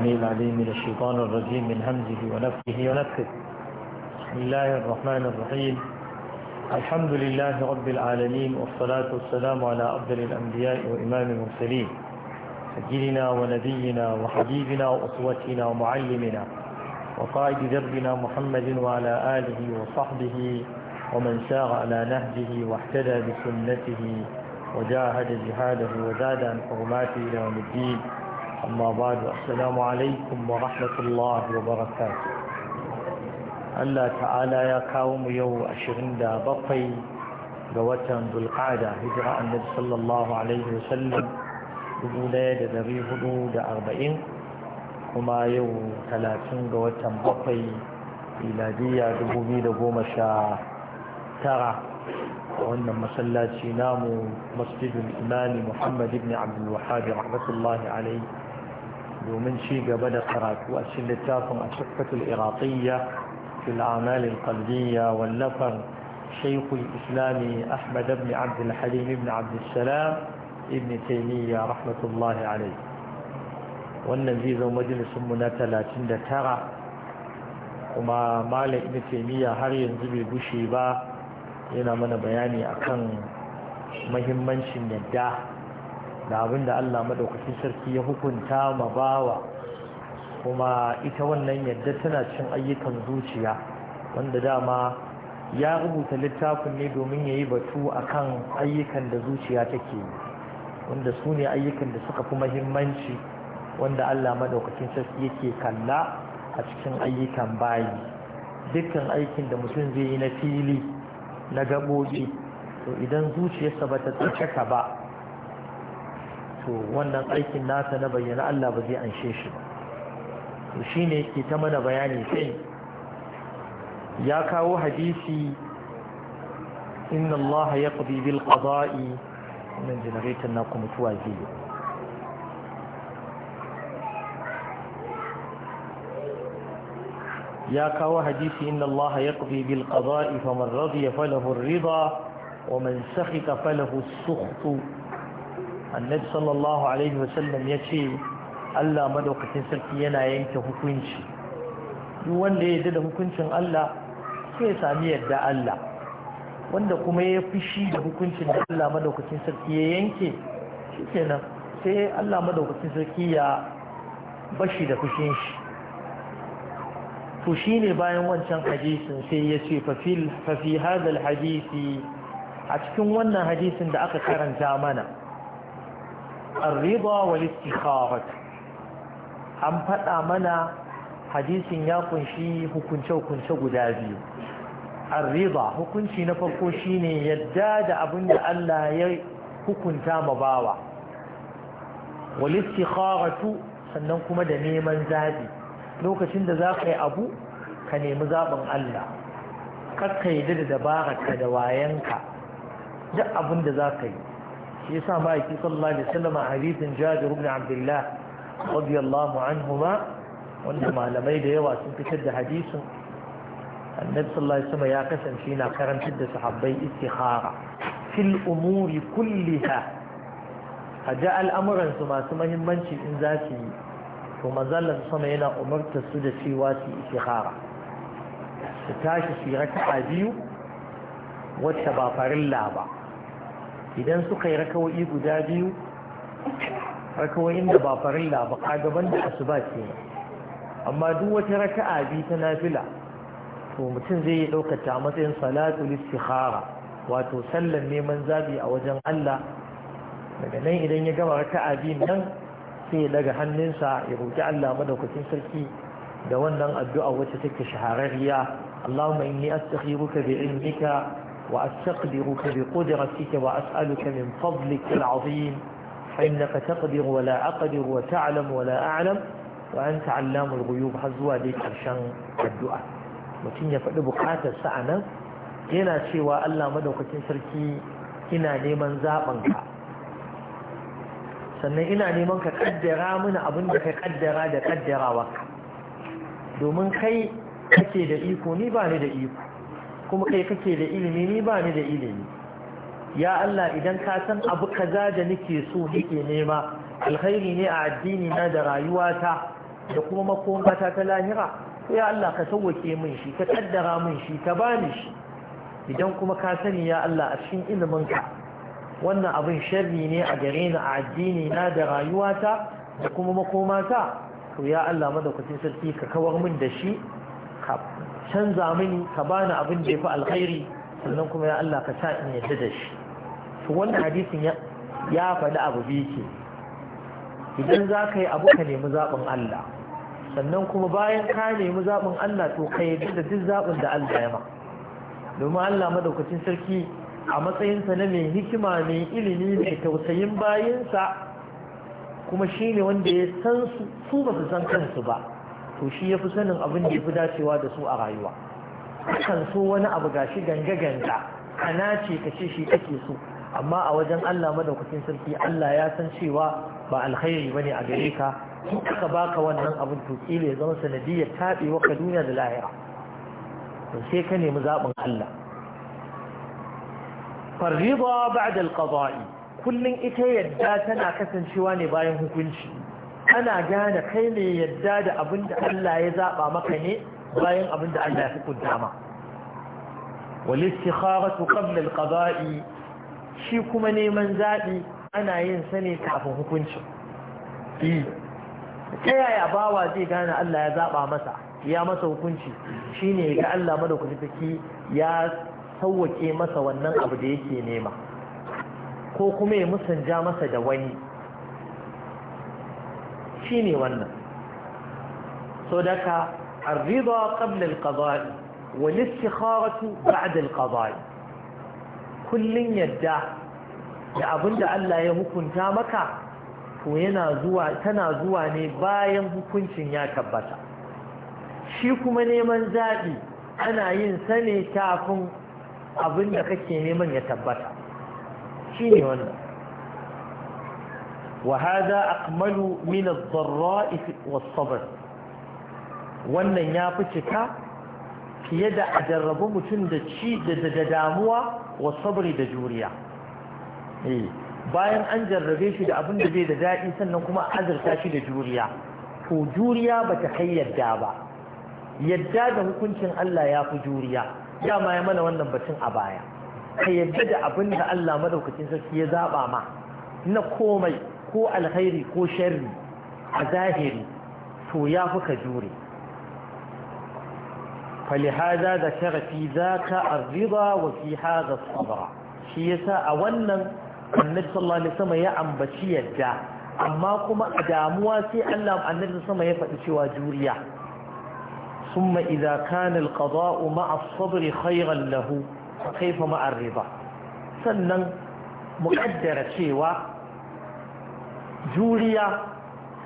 العليم من الشيطان الرجيم من همزه ونفسه ونفسه بسم الله الرحمن الرحيم الحمد لله رب العالمين والصلاة والسلام على أفضل الأنبياء وإمام المرسلين سيدنا ونبينا وحبيبنا وأسوتنا ومعلمنا وقائد دربنا محمد وعلى آله وصحبه ومن سار على نهجه واحتدى بسنته وجاهد جهاده وزاد عن حرماته إلى يوم الدين أما بعد السلام عليكم ورحمة الله وبركاته الله تعالى يا كاوم يو أشغن دا بقي قوتا ذو القعدة هجرة النبي صلى الله عليه وسلم بقولة دري هدود أربعين كما يو ثلاثين قوتا بقي إلادية دبوبي دبوم شا ترى وأن مسلاتي نام مسجد الإمام محمد بن عبد الوهاب رحمة الله عليه domin ci gaba da karatu a cikin littafin a shakkatul iraqiyya fil amal qalbiyya wallafan شيخ الإسلام أحمد بن عبد الحليم بن عبد السلام salam ibn رحمة الله عليه wannan zai zama majalisunmu na talatin da tara kuma malam ibn taimiyya har yanzu bai gushe ba yana mana bayani akan mahimmancin yadda da abin da Allah maɗaukacin sarki ya hukunta ma bawa kuma ita wannan yadda tana cin ayyukan zuciya wanda dama ya rubuta littafin ne domin ya yi batu akan ayyukan da zuciya take yi wanda su ne ayyukan da suka fi mahimmanci wanda Allah madaukakin sarki yake kalla a cikin ayyukan bayi dukkan aikin da mutum zai yi na fili na gaɓoɓi to idan zuciyarsa ba ta tsarkaka ba to wannan aikin nasa na bayyana Allah ba zai anshe shi ba to shine yake ta mana bayani sai ya kawo hadisi inna Allah yaqdi bil qada'i nan generator na kuma tuwa jiya ya kawo hadisi inna Allah yaqdi bil qada'i faman radiya falahu ar-ridha ومن سخط فله السخط annabi sallallahu alaihi wasallam ya ce Allah madaukakin sarki yana yanke hukunci duk wanda ya da hukuncin Allah sai sami yadda Allah wanda kuma ya fushi da hukuncin da Allah madaukakin sarki ya yanke shikenan sai Allah madaukakin sarki ya bashi da fushin shi to shine bayan wancan hadisin sai ya ce fa fi hadisi a cikin wannan hadisin da aka karanta mana الرضا والاستخارة أم فتا منا حديث يقول شيء هكون شو كن شو قدابي الرضا هكون شيء نفقو شيء يداد أبن ألا يهكون تام باوا والاستخارة سننكم دنيما زادي لو كشند ذاك أبو كان يمزابن ألا kakka yi da dabararka da wayanka duk da za shi yasa ba yake sallallahu alaihi wasallam a hadisin Jabir ibn Abdullah radiyallahu anhuma wanda malamai da yawa sun fitar da hadisin annabi sallallahu alaihi wasallam ya kasance yana karantar da sahabbai istikhara fil umuri kulliha a ja al'amuran su masu mahimmanci in za su yi to manzalar sama yana umartar su da cewa su istikhara su tashi shi yi raka'a biyu wacce ba farilla ba idan suka yi rakawai guda biyu rakawai inda ba farilla ba kagaban da asuba ce amma duk wata raka'a bi ta nafila to mutum zai yi ɗaukata ta matsayin salatu istikhara wato sallan neman zabi a wajen Allah daga nan idan ya gama raka'a bi nan sai ya daga hannunsa ya roki Allah madaukakin sarki da wannan addu'a wacce take shahararriya Allahumma inni astakhiruka bi وأستقدرك بقدرتك وأسألك من فضلك العظيم فإنك تقدر ولا أقدر وتعلم ولا أعلم وأنت علام الغيوب حزوى ديك عشان الدعاء mutum ya faɗi bukatar sa nan yana cewa Allah maɗaukacin sarki ina neman ka. sannan ina neman ka kaddara mana abin da ka kaddara da kaddarawa domin kai kake da iko ni ba ni da iko kuma kai kake da ilimi ni ba ni da ilimi ya Allah idan ka san abu kaza da nake so nake nema alkhairi ne a addini na da rayuwata da kuma makomata ta lahira ya Allah ka sauwake min shi ka kaddara min shi ka bani shi idan kuma ka sani ya Allah a cikin ka wannan abin sharri ne a gare ni a addini na da rayuwata da kuma makomata to ya Allah madaukakin sarki ka kawar min da shi canza mini ka bani abin da ya fi alkhairi sannan kuma ya Allah ka sa in yarda da shi to wannan hadisin ya faɗi abu biyu ke idan za ka yi abu ka nemi zaɓin Allah sannan kuma bayan ka nemi zaɓin Allah to ka yi da duk zaɓin da Allah ya ma domin Allah madaukacin sarki a matsayinsa na mai hikima mai ilimi mai tausayin bayinsa kuma shi ne wanda ya san su ba su san kansu ba to shi ya fi sanin abin da ya fi dacewa da su a rayuwa kan so wani abu gashi ganga ganga kana ce ka ce shi kake so amma a wajen Allah madaukakin sarki Allah ya san cewa ba alkhairi bane a gare ka in aka baka wannan abin to mai ya zama sanadiyar tabewa ka duniya da lahira to sai ka nemi zabin Allah farriba ba'da alqada'i kullun ita yadda tana kasancewa ne bayan hukunci ana gane kai ne yadda da abin da Allah ya zaɓa maka ne bayan abin da Allah ya fi kuddama walistikharatu qabla alqada'i shi kuma neman zaɓi ana yin sani kafin hukunci ta yaya bawa zai gane Allah ya zaɓa masa ya masa hukunci shine ga Allah madaukakin sarki ya sauwake masa wannan abu da yake nema ko kuma ya musanja masa da wani shi ne wannan so daga arriba qabla alqada'i wal istikharatu ba'da alqada'i yadda da abinda Allah ya hukunta maka to yana zuwa tana zuwa ne bayan hukuncin ya tabbata shi kuma neman zaɓi ana yin sane kafin abinda kake neman ya tabbata shi ne wannan وهذا أقمل من الضراء والصبر wannan ya fi cika fiye da a jarrabu mutum da ci da damuwa wa sabri da juriya eh, bayan an jarrabe shi da abin da bai da daɗi sannan kuma azurta shi da juriya to juriya ba ta kai yadda ba yadda da hukuncin Allah ya fi juriya dama ya mana wannan batun a baya ka yadda da abin da Allah madaukakin sarki ya zaɓa ma na komai ko alkhairi ko sharri a zahiri to ya fi ka jure falihaza da sharafi za ka arriba wa fi haza sabara shi yasa a wannan annabi sallallahu alaihi wasallam ya ambaci yadda amma kuma a damuwa sai Allah annabi sallallahu ya faɗi cewa juriya ثم إذا كان القضاء مع الصبر خيرا له فكيف مع الرضا sannan muƙaddara cewa juriya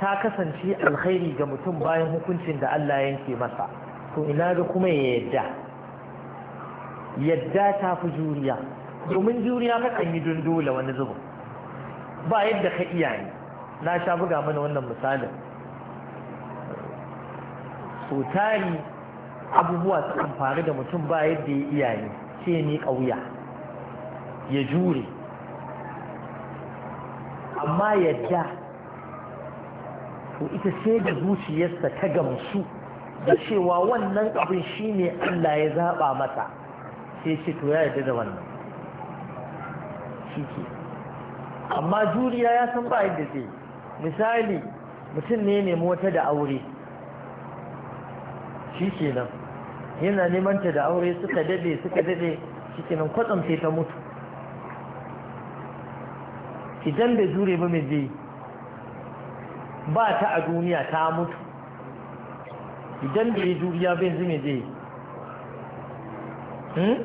ta kasance alkhairi ga mutum bayan hukuncin da Allah yanke masa to ina ga kuma ya yadda yadda ta fi juriya domin juriya kakan yi dundula wani zubu ba yadda ka iya ne na sha buga mana wannan misalin so abubuwa su faru da mutum ba yadda ya iya ne ce ni ƙauya, ya jure amma yadda to ita sai da zuciyarsa ta gamsu da cewa wannan abin shi ne Allah ya zaɓa masa sai ce to ya yadda da wannan shi ke amma juriya ya san ba yadda zai misali mutum ne nemi wata da aure shi ke nan yana neman ta da aure suka dade suka dade shi ke nan kwatsam sai ta mutu idan bai jure ba mai zai ba ta a duniya ta mutu idan bai juriya bai zai mai zai hmm?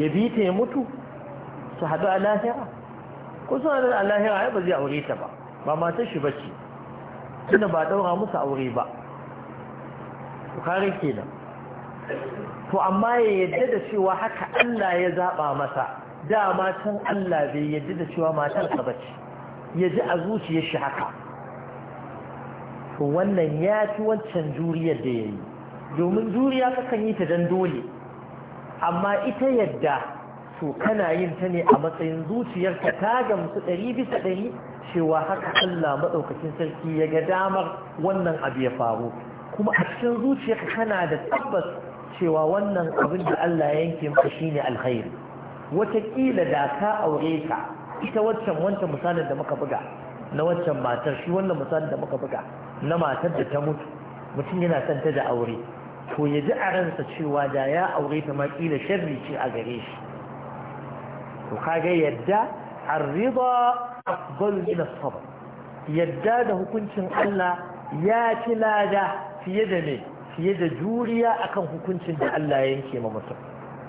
ya bi ta ya mutu su haɗu a lahira ko su haɗu a lahira ya ba zai aure ta ba ba matar shi ba ce tunda ba ɗaura musu aure ba su kare ke nan to amma ya yadda da cewa haka Allah ya zaɓa masa Da matan Allah bai yadda da cewa matar ka ya ji a zuciyar shi haka to wannan ya ci wancan juriyar da ya yi domin juriya kakan yi ta dan dole amma ita yadda to kana yin ta ne a matsayin zuciyarka ta gamsu ɗari bisa ɗari cewa haka Allah maɗaukacin sarki ya ga damar wannan abu ya faru kuma a cikin zuciyarka kana da tabbas cewa wannan abin da Allah yanke maka shine alkhairi watakila da ka aure ka ita waccan wancan misalin da muka buga na waccan matar shi wannan misalin da muka buga na matar da ta mutu mutum yana son ta da aure to ya ji a ransa cewa da ya aure ta makila sharri ce a gare shi to kaga yadda arriba afdal min as-sabr yadda da hukuncin Allah ya ci lada fiye da me fiye da juriya akan hukuncin da Allah ya yanke ma mutum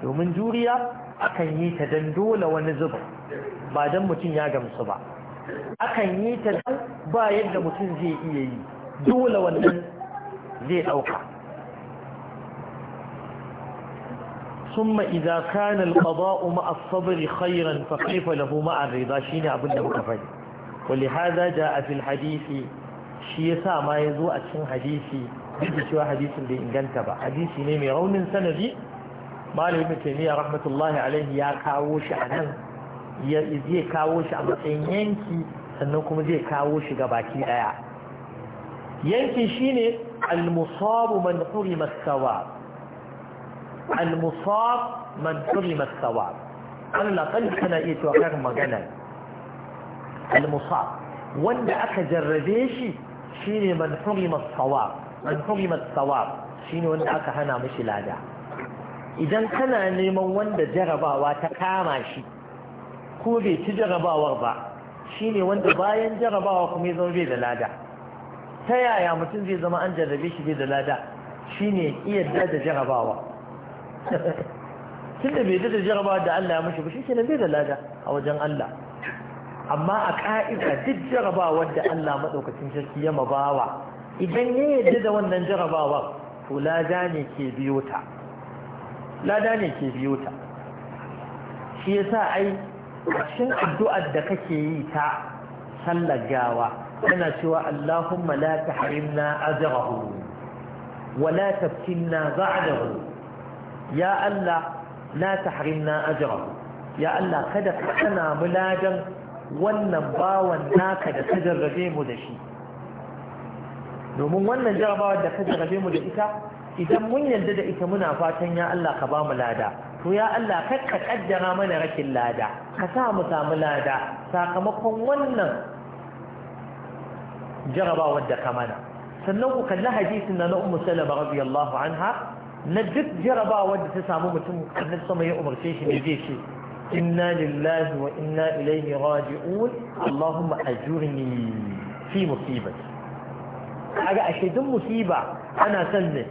domin juriya akan yi ta don dole wani zubin ba don mutum ya gamsu ba akan yi ta don ba yadda mutum zai iya yi dole wannan zai ɗauka summa iza kana al-qada'u ma'a sabri khairan fa kaifa lahu ma'a rida shine abin da muka fadi wa li hadha ja'a hadisi shi yasa ma ya zo a cikin hadisi duk da cewa hadisin bai inganta ba hadisi ne mai raunin sanadi مالي متيمية رحمة الله عليه يا كاوش عنه يا إذ كاوش أما ينكي أنكم زي كاوش قباكي آيا ينكي شيني المصاب من حرم الثواب المصاب من حرم الثواب أنا لا قلت أنا إيه توقع مغنى المصاب وأنا أكا جرديشي شيني من حرم الثواب من حرم الثواب شيني وأنا أكا هنا مش لاجع idan kana neman wanda jarabawa ta kama shi ko bai ci jarabawar ba shine wanda bayan jarabawa kuma ya zama bai da lada ta yaya mutum zai zama an jarrabe shi bai da lada shine iya da jarabawa tunda bai da jarabawa da Allah ya mashi ba shi kenan bai da lada a wajen Allah amma a ka'ida duk jarabawa da Allah maɗaukacin sarki ya mabawa idan ya yarda da wannan jarabawa to lada ne ke biyo ta lada ne ke biyo ta shi ya sa ai cikin addu'ar da kake yi ta sallagawa gawa tana cewa Allahumma la tahrimna ajrahu wa la taftinna ba'dahu ya Allah la tahrimna ajrahu ya Allah kada ka kana muladan wannan bawan naka da ta jarrabe mu da shi domin wannan jarabawa da ka jarrabe mu da ita idan mun yarda da ita muna fatan ya Allah ka bamu lada to ya Allah kar ka kaddara mana rakin lada ka sa mu samu lada sakamakon wannan jarabawar da ka mana sannan ku kalli hadisin na Ummu Salama radiyallahu anha na duk jarabawar da ta samu mutum annabi sama ya umarce shi ne zai ce inna lillahi wa inna ilaihi raji'un Allahumma ajurni fi musibati kaga ashe duk musiba ana son ne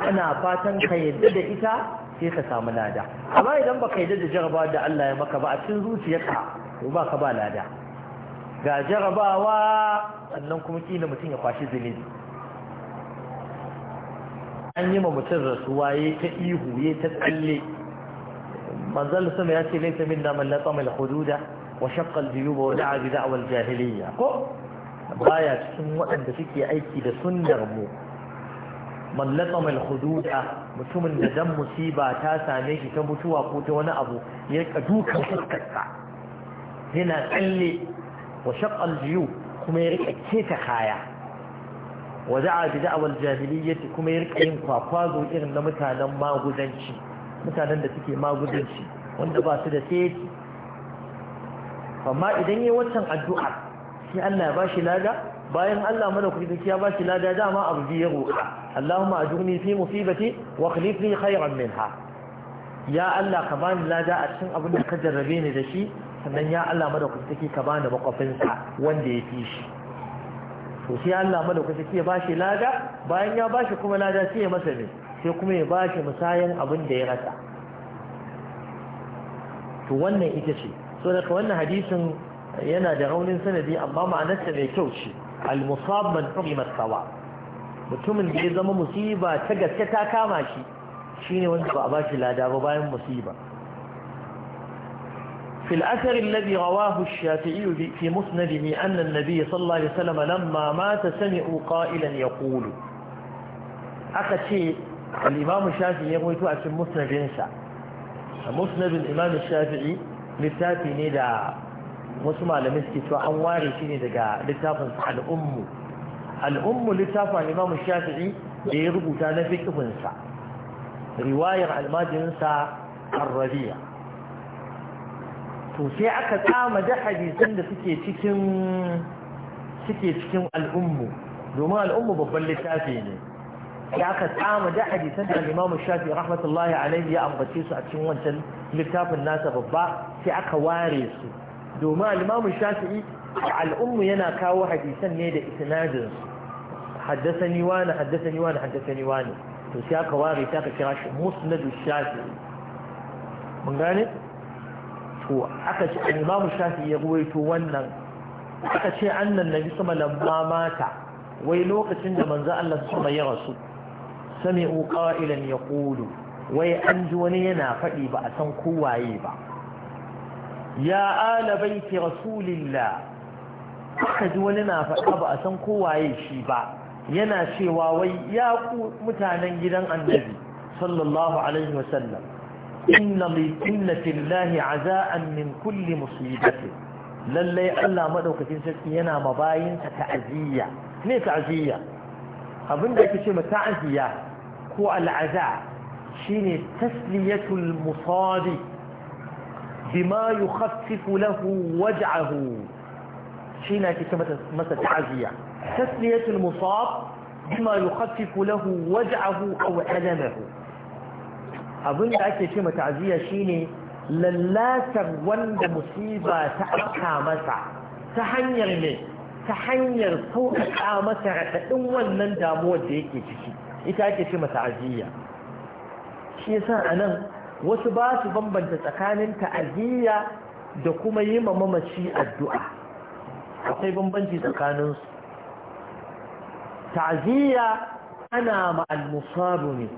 ana fatan ka yadda da ita sai ka samu lada amma idan baka yadda da jaraba da Allah ya maka ba a cikin zuciyarka to ba ka ba lada ga jarabawa sannan kuma kila mutum ya kwashi zunubi an yi ma mutum rasuwa ya ta ihu ya ta tsalle manzal sama ya ce laifin min naman latsama al-hududa wa shaqqa al-juyuba wa da'a bi da'wa al-jahiliyya ko baya cikin waɗanda suke aiki da sunnar mu mallaka latama al-hududa mutumin da dan musiba ta same shi ta mutuwa ko ta wani abu ya ka dukan fuskarsa yana tsalle wa shaqqa jiyu kuma ya rika keta kaya wa a bi da'wal jahiliyyati kuma ya rika yin kwakwazo irin na mutanen magudanci mutanen da suke magudanci wanda ba su da sai amma idan yayi waccan addu'a sai Allah ya bashi lada bayan Allah madaukaki duk ya shi lada dama abu biyu ya roƙa Allahumma ajurni fi musibati wa khlif li khayran minha ya Allah ka bani lada a cikin abin da ka jarrabe ni da shi sannan ya Allah madaukaki take ka bani makwafinsa wanda ya fi shi to sai Allah madaukaki ya shi lada bayan ya ba shi kuma lada sai ya masa ne sai kuma ya bashi musayan abin da ya rasa to wannan ita ce so daga wannan hadisin yana da raunin sanadi amma ma'anarsa mai kyau ce المصاب man hurima sawa mutumin da ya zama musiba ta gaske ta kama shi shine wanda ba a bashi lada ba bayan musiba في الأثر الذي رواه الشافعي في مسنده أن النبي صلى الله عليه وسلم لما مات سمعوا قائلا يقول أكتشي الإمام الشافعي يقول تؤسم مسند إنسا مسند الإمام الشافعي للتاتي ندى wasu malamai suke cewa an ware shi ne daga littafin al'ummu al'ummu littafin imam shafi'i da ya rubuta na fiqhinsa riwayar almajinsa ar-rabi'a to sai aka tsama da hadisan da suke cikin suke cikin al'ummu domin al'ummu babban littafi ne sai aka tsama da hadisan da imam shafi'i rahmatullahi alaihi ya ambace su a cikin wancan littafin nasa babba sai aka ware su domin al Shafi'i al-Ummu yana kawo hadisan ne da isnadin haddathani wani haddathani wani haddathani wani to sai aka ware ta ka kira shi musnadu Shafi'i mun gane to aka ce al Shafi'i ya ruwaito wannan aka ce annan nabi sama lamma mata wai lokacin da manzo Allah sama ya rasu sami'u ya ƙudu. wai an ji wani yana faɗi ba a san kowaye ba ya ala baiti rasulillah aka ji wani na faɗa ba a san kowaye shi ba yana cewa wai ya ku mutanen gidan annabi sallallahu alaihi wasallam inna inna azaan min kulli musibati lallai Allah madaukakin sarki yana mabayin ta ta'aziyya ne ta'aziyya abinda ake ce ma ta'aziyya ko al'aza shine tasliyatul musadi بما يخفف له وجعه شينا كمسة عزية تسلية المصاب بما يخفف له وجعه أو ألمه أظن أكي كمسة عزية شيني للا تغوان بمصيبة تأكى مسع تحنير لي تحنير فوق مسع أول من دامو ديكي شيني إذا أكي كمسة عزية شيسا أنا wasu ba su bambanta tsakanin ta'aziyya da kuma yi wa mamaci addu'a akwai bambanci tsakaninsu ta'aziyya ana ma ne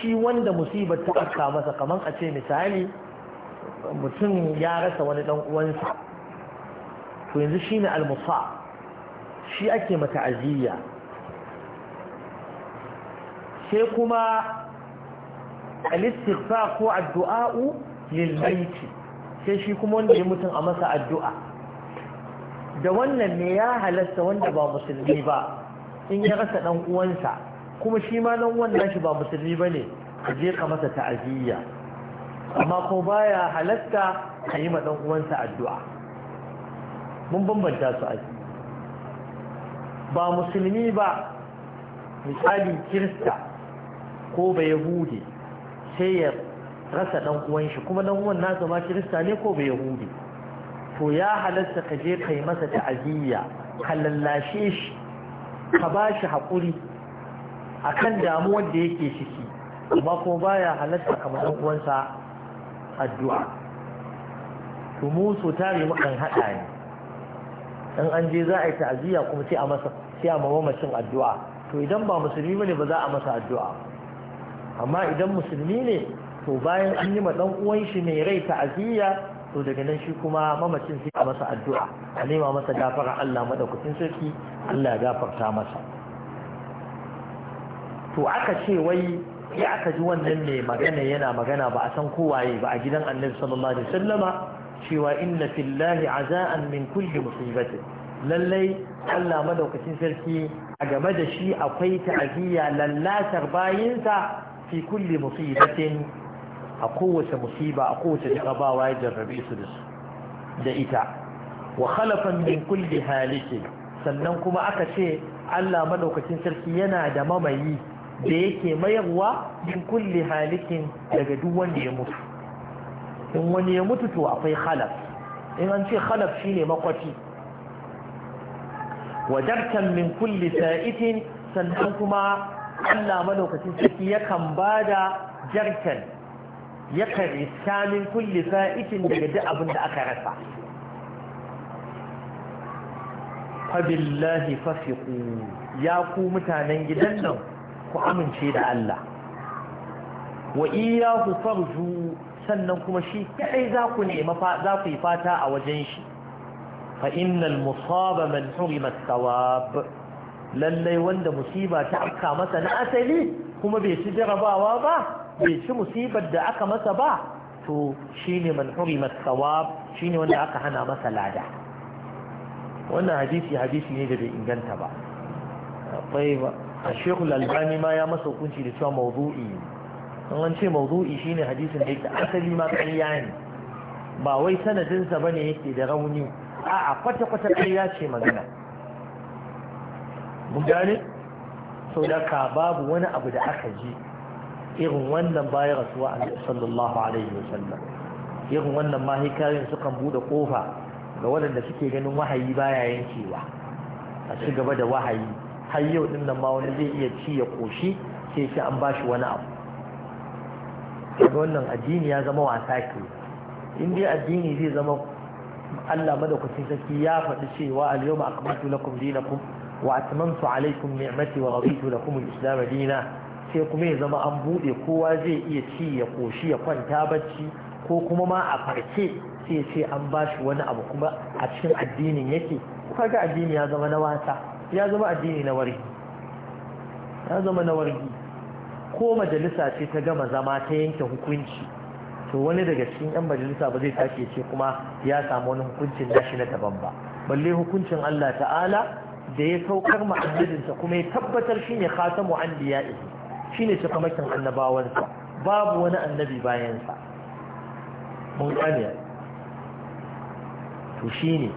shi wanda musibar ta aka masa kamar a ce misali mutum ya rasa wani dan uwansa to yanzu shine almusa shi ake ma ta'aziyya sai kuma al-istighfar ko addu'a lil maiti sai shi kuma wanda ya mutun a masa addu'a da wannan ne ya halasta wanda ba musulmi ba in ya rasa dan uwansa kuma shi ma dan uwan nashi ba musulmi bane ka je ka masa ta'aziyya amma ko baya halasta ka yi ma dan uwansa addu'a mun bambanta su aji ba musulmi ba misali kirista ko ba yahudi sai ya rasa dan uwan shi kuma dan uwan nasa ma kirista ne ko bai yahudi to ya halatta ka je kai masa ta'aziyya ka lallashe shi ka ba shi haƙuri akan damuwar da yake ciki amma kuma baya halatta kama dan uwansa addu'a to mu so tare mu kan hada ne in an je za a yi ta'aziyya kuma sai a masa sai a mamacin addu'a to idan ba musulmi bane ba za a masa addu'a amma idan musulmi ne to bayan an yi ma dan uwan shi mai rai ta'aziyya to daga nan shi kuma mamacin sai a masa addu'a a nema masa gafara Allah madaukakin sarki Allah ya gafarta masa to aka ce wai ya aka ji wannan mai magana yana magana ba a san kowaye ba a gidan annabi sallallahu alaihi wasallama cewa inna fillahi azaan min kulli musibati lallai Allah madaukakin sarki a game da shi akwai ta'aziyya lallatar bayinsa fi kulli musibatin a kowace musiba a kowace jarabawa ya jarrabe su da su da ita wa khalafan min kulli halikin sannan kuma aka ce Allah madaukakin sarki yana da mamayi da yake mayarwa min kulli halikin daga duk wanda ya mutu in wani ya mutu to akwai khalaf in an ce khalaf shine makwati wa darkan min kulli sa'itin sannan kuma Allah malaukacin ciki yakan bada jarkan ya riska min kulli fa'itin daga duk abin da aka rasa fabillahi fasiqu ya ku mutanen gidan nan ku amince da Allah wa iyyahu farju sannan kuma shi kaɗai za ku nema za ku yi fata a wajen shi fa innal musaba man hurima thawab lallai wanda musiba ta afka masa na asali kuma bai ci jarabawa ba bai ci musibar da aka masa ba to shine man hurimat shine wanda aka hana masa lada wannan hadisi hadisi ne da bai inganta ba akwai ba a shekul albani ma ya masa hukunci da cewa mawdu'i an ce mawdu'i shine hadisin da yake asali ma ƙarya ne ba wai sanadinsa bane yake da rauni a'a kwata-kwata ƙarya ce magana mun gane sau da ka babu wani abu da aka ji irin wannan bayan rasuwa a sallallahu alaihi wasallam irin wannan ma suka sukan bude kofa ga waɗanda suke ganin wahayi baya yankewa a ci gaba da wahayi har yau din nan ma wani zai iya ci ya koshi sai shi an bashi wani abu daga wannan addini ya zama wasa ke in dai addini zai zama Allah madaukakin sarki ya faɗi cewa al-yawma akmaltu lakum dinakum wa عليكم alaikum ورضيت لكم الاسلام دينا sai kuma ya zama an bude kowa zai iya ci ya koshi ya kwanta bacci ko kuma ma a farke sai ya ce an bashi wani abu kuma a cikin addinin yake kaga addini ya zama na wasa ya zama addini na wargi ya zama na wargi ko majalisa ce ta gama zama ta yanke hukunci to wani daga cikin yan majalisa ba zai tashi ce kuma ya samu wani hukuncin nashi na daban ba balle hukuncin Allah ta'ala da ya saukar ma kuma ya tabbatar shi ne kasa shine khatamu anbiya'i shine cikamakin annabawansa babu wani annabi bayansa mun gane to ne.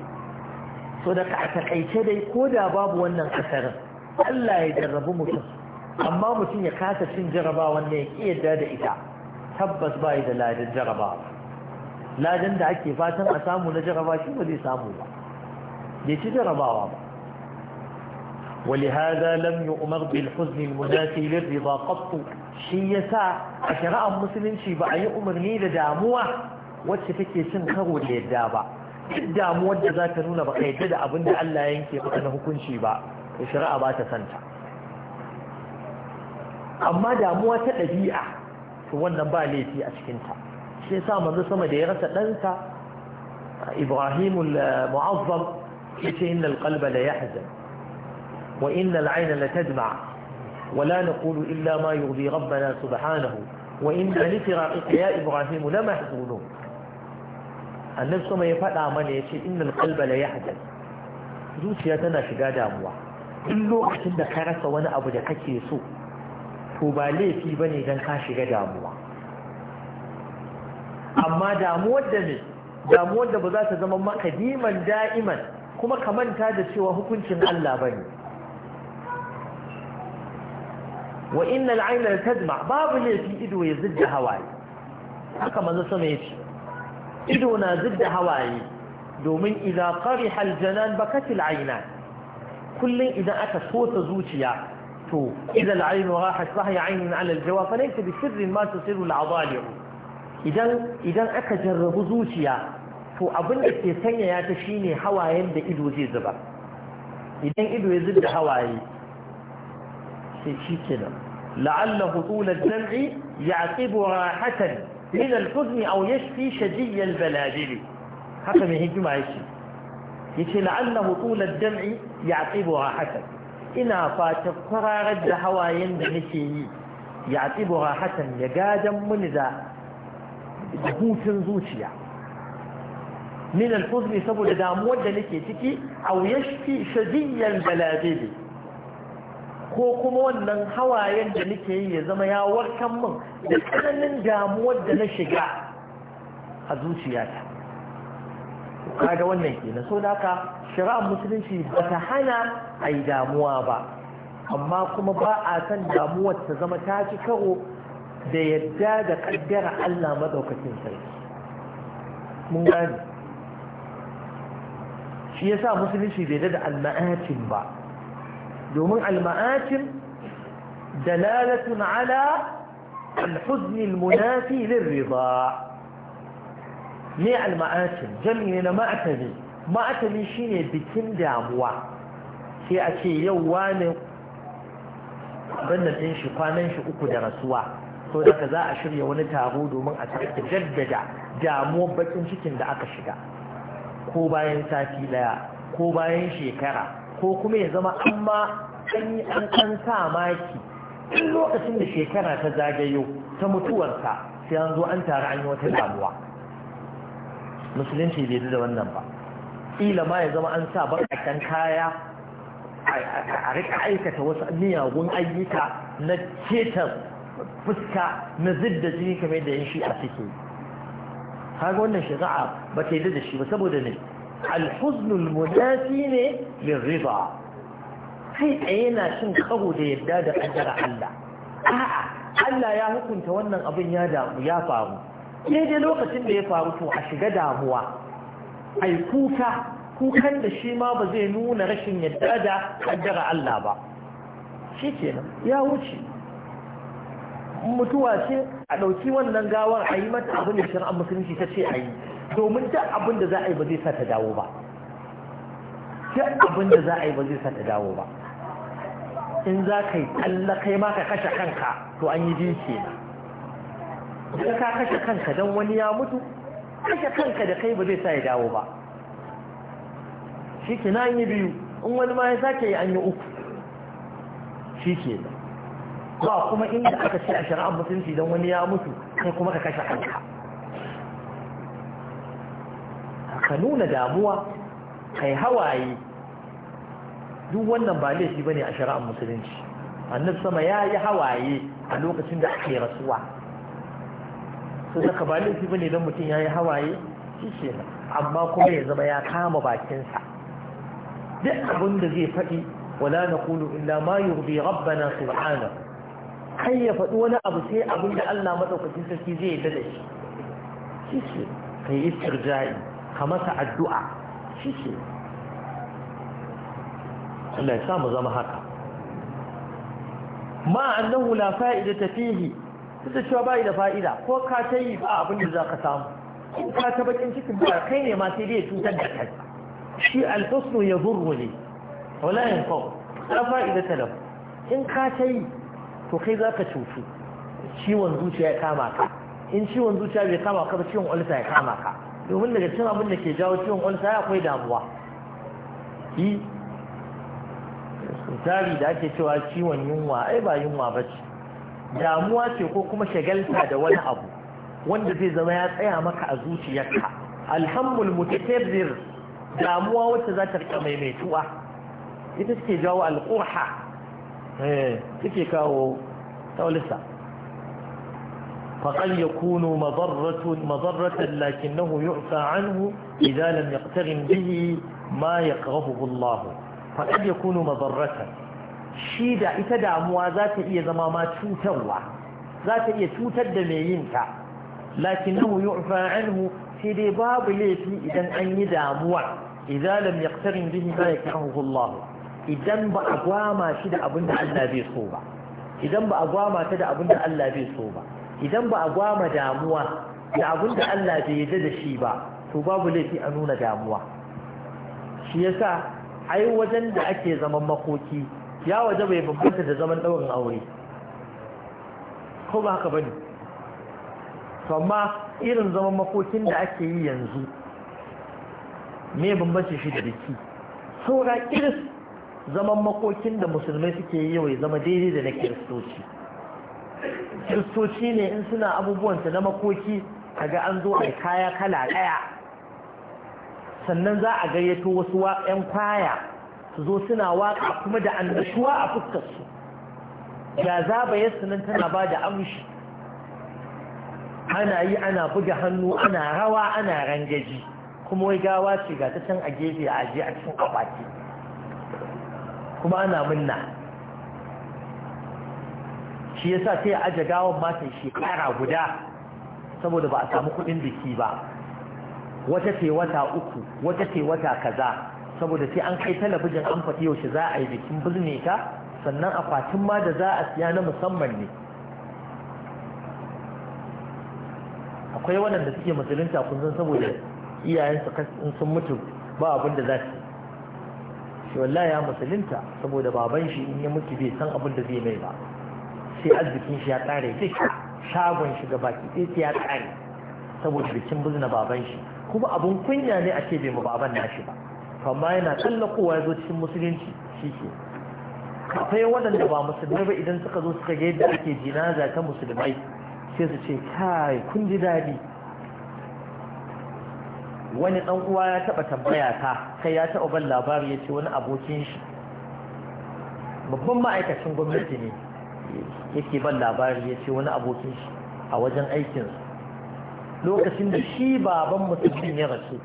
so da ka takaice dai ko da babu wannan kasarin Allah ya jarrabu mutum amma mutum ya kasa cin jarabawan ne ya ki da ita tabbas ba da ladan jaraba ladan da ake fatan a samu na jaraba shi ba zai samu ba bai ci jarabawa ba ولهذا لم يؤمر بالحزن المناسي للرضا قط شي يسا أشراء المسلم شي بأي أمرني لداموة وتفكي سنخروا للدابة الداموة ذات نونة بقى يجد أبن ألا ينكي أنه كن شي بقى وشراء بات سنتا أما داموة تأبيئة wannan ba laifi a cikinta shi yasa manzo sama da ya rasa ɗansa Ibrahim al-Mu'azzam yace innal qalba la yahzan وإن العين لتدمع ولا نقول إلا ما يرضي ربنا سبحانه وإن لفراقك يا إبراهيم لمحزونون النبي صلى الله عليه وسلم يقول إن القلب ليحزن zuciya tana shiga damuwa in lokacin da ka rasa wani abu da kake so to ba laifi ne don ka shiga damuwa amma damuwar da ne ta zama maka diman da'iman kuma ka manta da cewa hukuncin Allah bane. wa innal ayna tadma babu laifi ido ya zidda hawaye haka manzo sama yace ido na zidda hawaye domin idza qariha aljanan bakatil ayna kullun idan aka so ta zuciya to idza alayn rahat sahya aynun ala aljawa falaysa bi sirrin ma tusiru al'adali idan idan aka jarrabu zuciya to abin da ke sanya ya ta shine hawayen da ido zai zuba idan ido ya zubda hawaye sai shi kenan la'alla hutular jam'i yaqibu rahatan min al-huzn aw yashfi shajiy al-baladil haka mai hikima yake yace la'alla hutular ina fatan kwararar da hawayen da nake yi yaqibu rahatan ya gadan muni da hutun zuciya min al saboda damuwar da nake ciki aw yashfi ko kuma wannan hawayen da nake yi ya zama ya warkan min da tsananin damuwar da na shiga a zuciyata kaga wannan kenan so da haka shari'ar musulunci ba ta hana a yi damuwa ba amma kuma ba a san damuwar ta zama ta ci karo da yadda da kaddara Allah maɗaukacin sarki mun gani shi ya sa musulunci bai da al ba domin alma'acin maatim dalalatun ala al-huzn al-munafi lirriba. ne al jami ne na ma'atami ma'atami shine bikin damuwa sai a ce yau wani bannan shi kwanan shi uku da rasuwa so daga za a shirya wani taro domin a sake jaddada damuwar bakin cikin da aka shiga ko bayan sati daya ko bayan shekara ko kuma ya zama an ma an kan sa maki in lokacin da shekara ta zagayo ta mutuwarsa sai an zo an tara an yi wata damuwa musulunci bai da wannan ba ila ma ya zama an sa baƙaƙen kaya a rika aikata wasu miyagun ayyuka na cetar fuska na zidda jini kamar da yin shi a ciki kaga wannan shari'a ba ta yi da shi ba saboda ne alhuznul mudafi ne lil riba kai tsaye na cin karo da yarda da kaddara Allah a'a Allah ya hukunta wannan abin ya damu ya faru daidai lokacin da ya faru to a shiga damuwa ai kuka kukan da shi ma ba zai nuna rashin yarda da kaddara Allah ba shi kenan ya wuce mutuwa ce a ɗauki wannan gawar a yi mata abin da shari'ar musulunci ta ce a yi domin duk abin da za a yi ba zai sa ta dawo ba duk abin da za a yi ba zai sa ta dawo ba in za ka yi tsalla kai ma ka kashe kanka to an yi jinshi ba, nan ka kashe kanka don wani ya mutu kashe kanka da kai ba zai sa ya dawo ba shi ke na an yi biyu in wani ma ya sake yi an yi uku shi ke ba kuma inda aka ce a shari'ar mutunci don wani ya mutu kai kuma ka kashe kanka ka nuna damuwa kai hawaye duk wannan ba laifi bane a shari'ar musulunci annabi sama ya yi hawaye a lokacin da ake rasuwa Sai saka ba laifi bane don mutum ya yi hawaye shi amma kuma ya zama ya kama bakinsa duk abin da zai faɗi wala na kulu illa ma yurdi rabbana subhana kai ya faɗi wani abu sai abin da Allah madaukakin sarki zai yarda da shi shi ce kai istirja'i ka masa addu'a shi ce Allah ya sa mu zama haka ma annahu la fa'idata fihi duk da cewa bai da fa'ida ko ka ta yi ba abin da za ka samu in ka ta bakin cikin ba kai ne ma sai dai cutar da kai shi alhusnu ya zurru ne wala yin kawo ta fa'ida ta in ka ta yi to kai za ka cutu ciwon zuciya ya kama ka in ciwon zuciya bai kama ka ba ciwon ulsa ya kama ka domin daga cin abin da ke jawo ciwon ya akwai damuwa yi tsari da ake cewa ciwon yunwa ai ba yunwa ba ce damuwa ce ko kuma shagalta da wani abu wanda zai zama ya tsaya maka a zuciyarka alhammul mutatabbir damuwa wacce za ta rika maimaituwa ita take jawo alqurha eh take kawo taulisa فقد يكون مضرة, مضرة لكنه يعفى عنه إذا لم يقترن به ما يكرهه الله فقد يكون مضرة shi da ita damuwa za iya zama ma cutarwa Zata iya cutar da mai yinta lakin nahu yu'fa anhu sai dai babu laifi idan an yi damuwa idan lam yaqtarin bihi ma yakrahu Allah idan ba a gwama shi da so ba idan ba a gwama ta da abinda Allah bai so ba idan ba a gwama damuwa da abin da Allah bai yarda da shi ba to babu laifi a nuna damuwa shi yasa ai wajen da ake zaman makoki ya waje bai bambanta da zaman ɗaurin aure ko ba haka bane to amma irin zaman makokin da ake yi yanzu me bambanci shi da biki saura iris zaman makokin da musulmai suke yi ya zama daidai da na kiristoci kiristoci ne in suna abubuwansu na makoki kaga an zo a kaya kala ɗaya sannan za a gayyato wasu 'yan kwaya su zo suna waka kuma da annashuwa a su, ya zaba yasu nan tana ba da amshi ana yi ana buga hannu ana rawa ana rangaji kuma wai gawa ce ga ta can a gefe a ajiye a cikin akwati kuma ana minna. shi yasa sai a aje gawan matan shekara guda saboda ba a samu kudin biki ba wata ce wata uku wata ce wata kaza saboda sai an kai talabijin an faɗi yaushe za a yi bikin birne ta sannan akwatin ma da za a siya na musamman ne akwai waɗanda suke musulunta kun san saboda iyayensu kan sun mutu ba abin da za su shi wallahi ya musulunta saboda baban shi in ya mutu bai san abin da zai mai ba sai arzikin shi ya tsare duk shagon shi ga baki sai ya tsare saboda bikin buzna baban shi kuma abun kunya ne a ce bai mu baban nashi ba amma yana tsallakowa ya zo cikin musulunci shi ke akwai waɗanda ba musulmai ba idan suka zo suka ga yadda ake jinaza ta musulmai sai su ce kai kun ji daɗi wani ɗan uwa ya taɓa tambaya ta kai ya taɓa ban labari ya ce wani abokin shi babban ma'aikacin gwamnati ne yake ban labari ya ce wani abokin shi a wajen aikin lokacin da shi baban mutumin ya rasu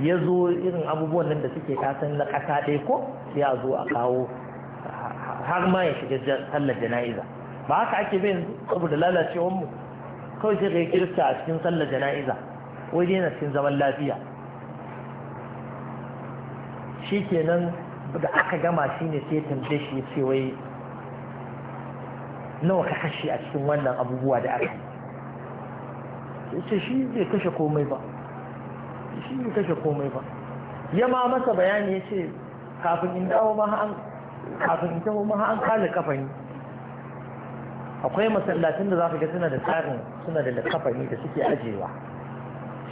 ya zo irin abubuwan nan da suke kasan na ƙasa ɗaya ko a zo a kawo har ma ya shiga sallar jana'iza ba haka ake bin saboda lalacewar mu kawai sai ya kirista a cikin sallar jana'iza wai yana cikin zaman lafiya shi kenan da aka gama shi ne sai tambaye shi ce wai nawa ka kashe a cikin wannan abubuwa da aka yi ce shi zai kashe komai ba shi zai kashe komai ba ya ma masa bayani ya ce kafin in dawo ma an kafin in taho ma an kala kafani akwai masallacin da za ka ga suna da tsarin suna da kafani da suke ajewa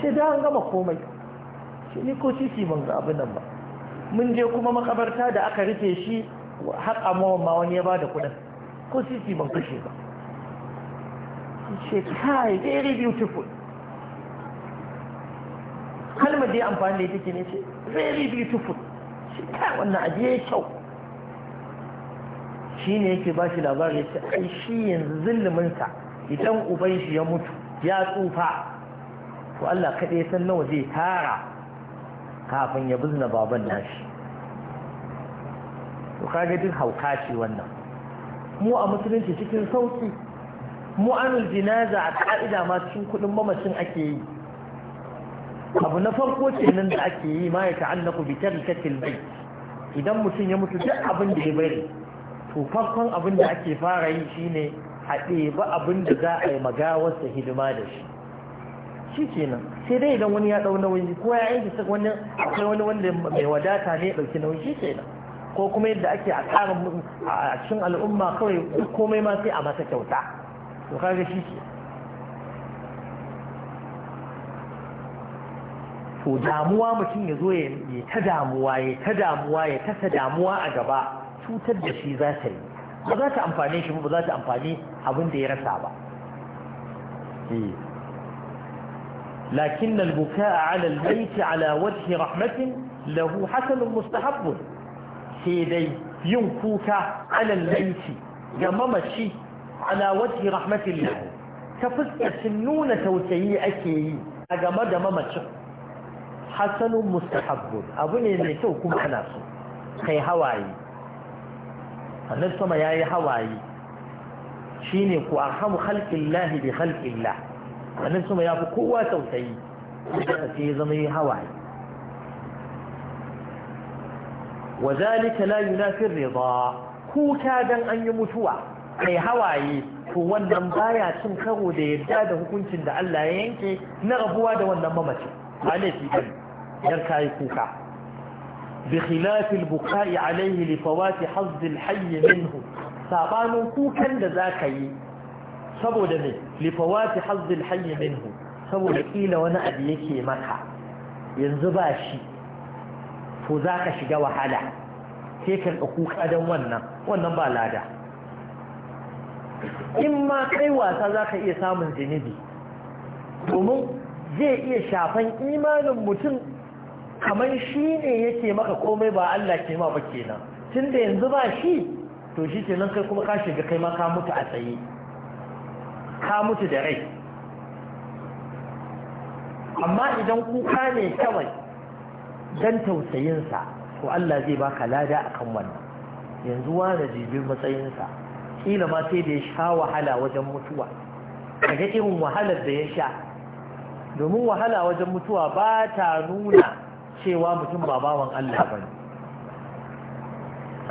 sai da an gama komai shi ni ko titi ban ga abin nan ba mun je kuma makabarta da aka rufe shi har amma wani ya ba da kuɗin ko sisi ban kashe ba ce kai very beautiful kalmar da ya amfani da ita ke ne ce very beautiful shi kai wannan ajiye kyau shi ne yake ba shi labari ya ce ai shi yanzu zulluminsa idan uban shi ya mutu ya tsufa to Allah kaɗai san nawa zai tara kafin ya buzna baban nashi to kaga duk hauka ce wannan mu a musulunci cikin sauki mu'amil jinaza a ka'ida ma cikin kudin mamacin ake yi abu na farko kenan da ake yi ma ya ku bi tarkatil bayt idan mutum ya mutu duk abin da ya bari to farkon abin da ake fara yi shine a ɗeba abin da za a yi magawarsa hidima da shi shi kenan sai dai idan wani ya ɗau nauyi ko ya yanke wani akwai wani wanda mai wadata ne ya ɗauki nauyi shi kenan ko kuma yadda ake a tsarin a cikin al'umma kawai duk komai ma sai a masa kyauta to kaga shi ke to damuwa mutum ya zo ya ta damuwa ya ta damuwa ya tasa damuwa a gaba cutar da shi za ta yi ba za ta amfani shi ba za ta amfani abin da ya rasa ba eh. lakin albuka ala albayti ala wajhi rahmatin lahu hasanun mustahabbun sai dai yin kuka alal laiti ga mamaci ala wajhi rahmatillah ta fuskacin nuna tausayi ake yi a game da mamacin hasanun mustahabbun abu ne mai kyau kuma ana so kai hawaye annabi sama ya yi hawaye shi ne ku arhamu khalqillahi bi khalqillah annabi sama ya fi kowa tausayi sai ya zama yi hawaye wa zalika la yunafi rida kuka dan an yi mutuwa kai hawaye to wannan baya cin karo da yadda da hukuncin da Allah ya yanke na rabuwa da wannan mamaci ba laifi yar kai kuka bi khilaf al buka'i alayhi li fawati hazz al hayy minhu sabanin kukan da zaka yi saboda ne li fawati hazz al hayy minhu saboda kila wani abu yake maka yanzu ba shi to za ka shiga wahala sai ka ɗauku don wannan wannan ba lada in ma kai wasa za ka iya samun zinibi domin zai iya shafan imanin mutum kamar shi ne yake maka komai ba Allah ke ma ba nan tun da yanzu ba shi to shi nan kai kuma ka shiga kai ma ka mutu a tsaye ka mutu da rai amma idan kuka ne kawai dan tausayinsa ko Allah zai baka lada akan wannan yanzu wani jibin matsayinsa kila ma sai da ya sha wahala wajen mutuwa kaje irin wahalar da ya sha domin wahala wajen mutuwa ba ta nuna cewa mutum ba bawan Allah ba ne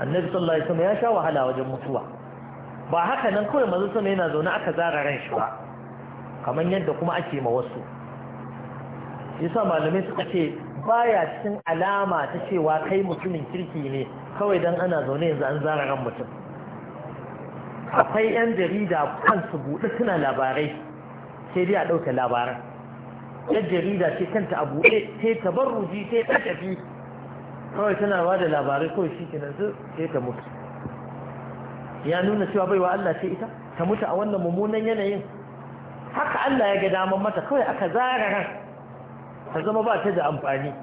annabi sallallahu alaihi wasallam ya sha wahala wajen mutuwa ba haka nan kawai manzo sallallahu yana zaune aka zara ran shi ba kamar yadda kuma ake ma wasu yasa malamai suka ce baya cikin alama ta cewa kai mutumin kirki ne kawai don ana zaune yanzu an zara ran mutum akwai 'yan jarida kansu buɗe suna labarai sai dai a ɗauka labaran yan jarida ce kanta a buɗe sai ta barruji sai ta tafi kawai tana ba da labarai kawai shi kenan sai ta mutu ya nuna cewa baiwa Allah sai ita ta mutu a wannan mummunan yanayin haka Allah ya ga daman mata kawai aka zara ran ta zama ba ta da amfani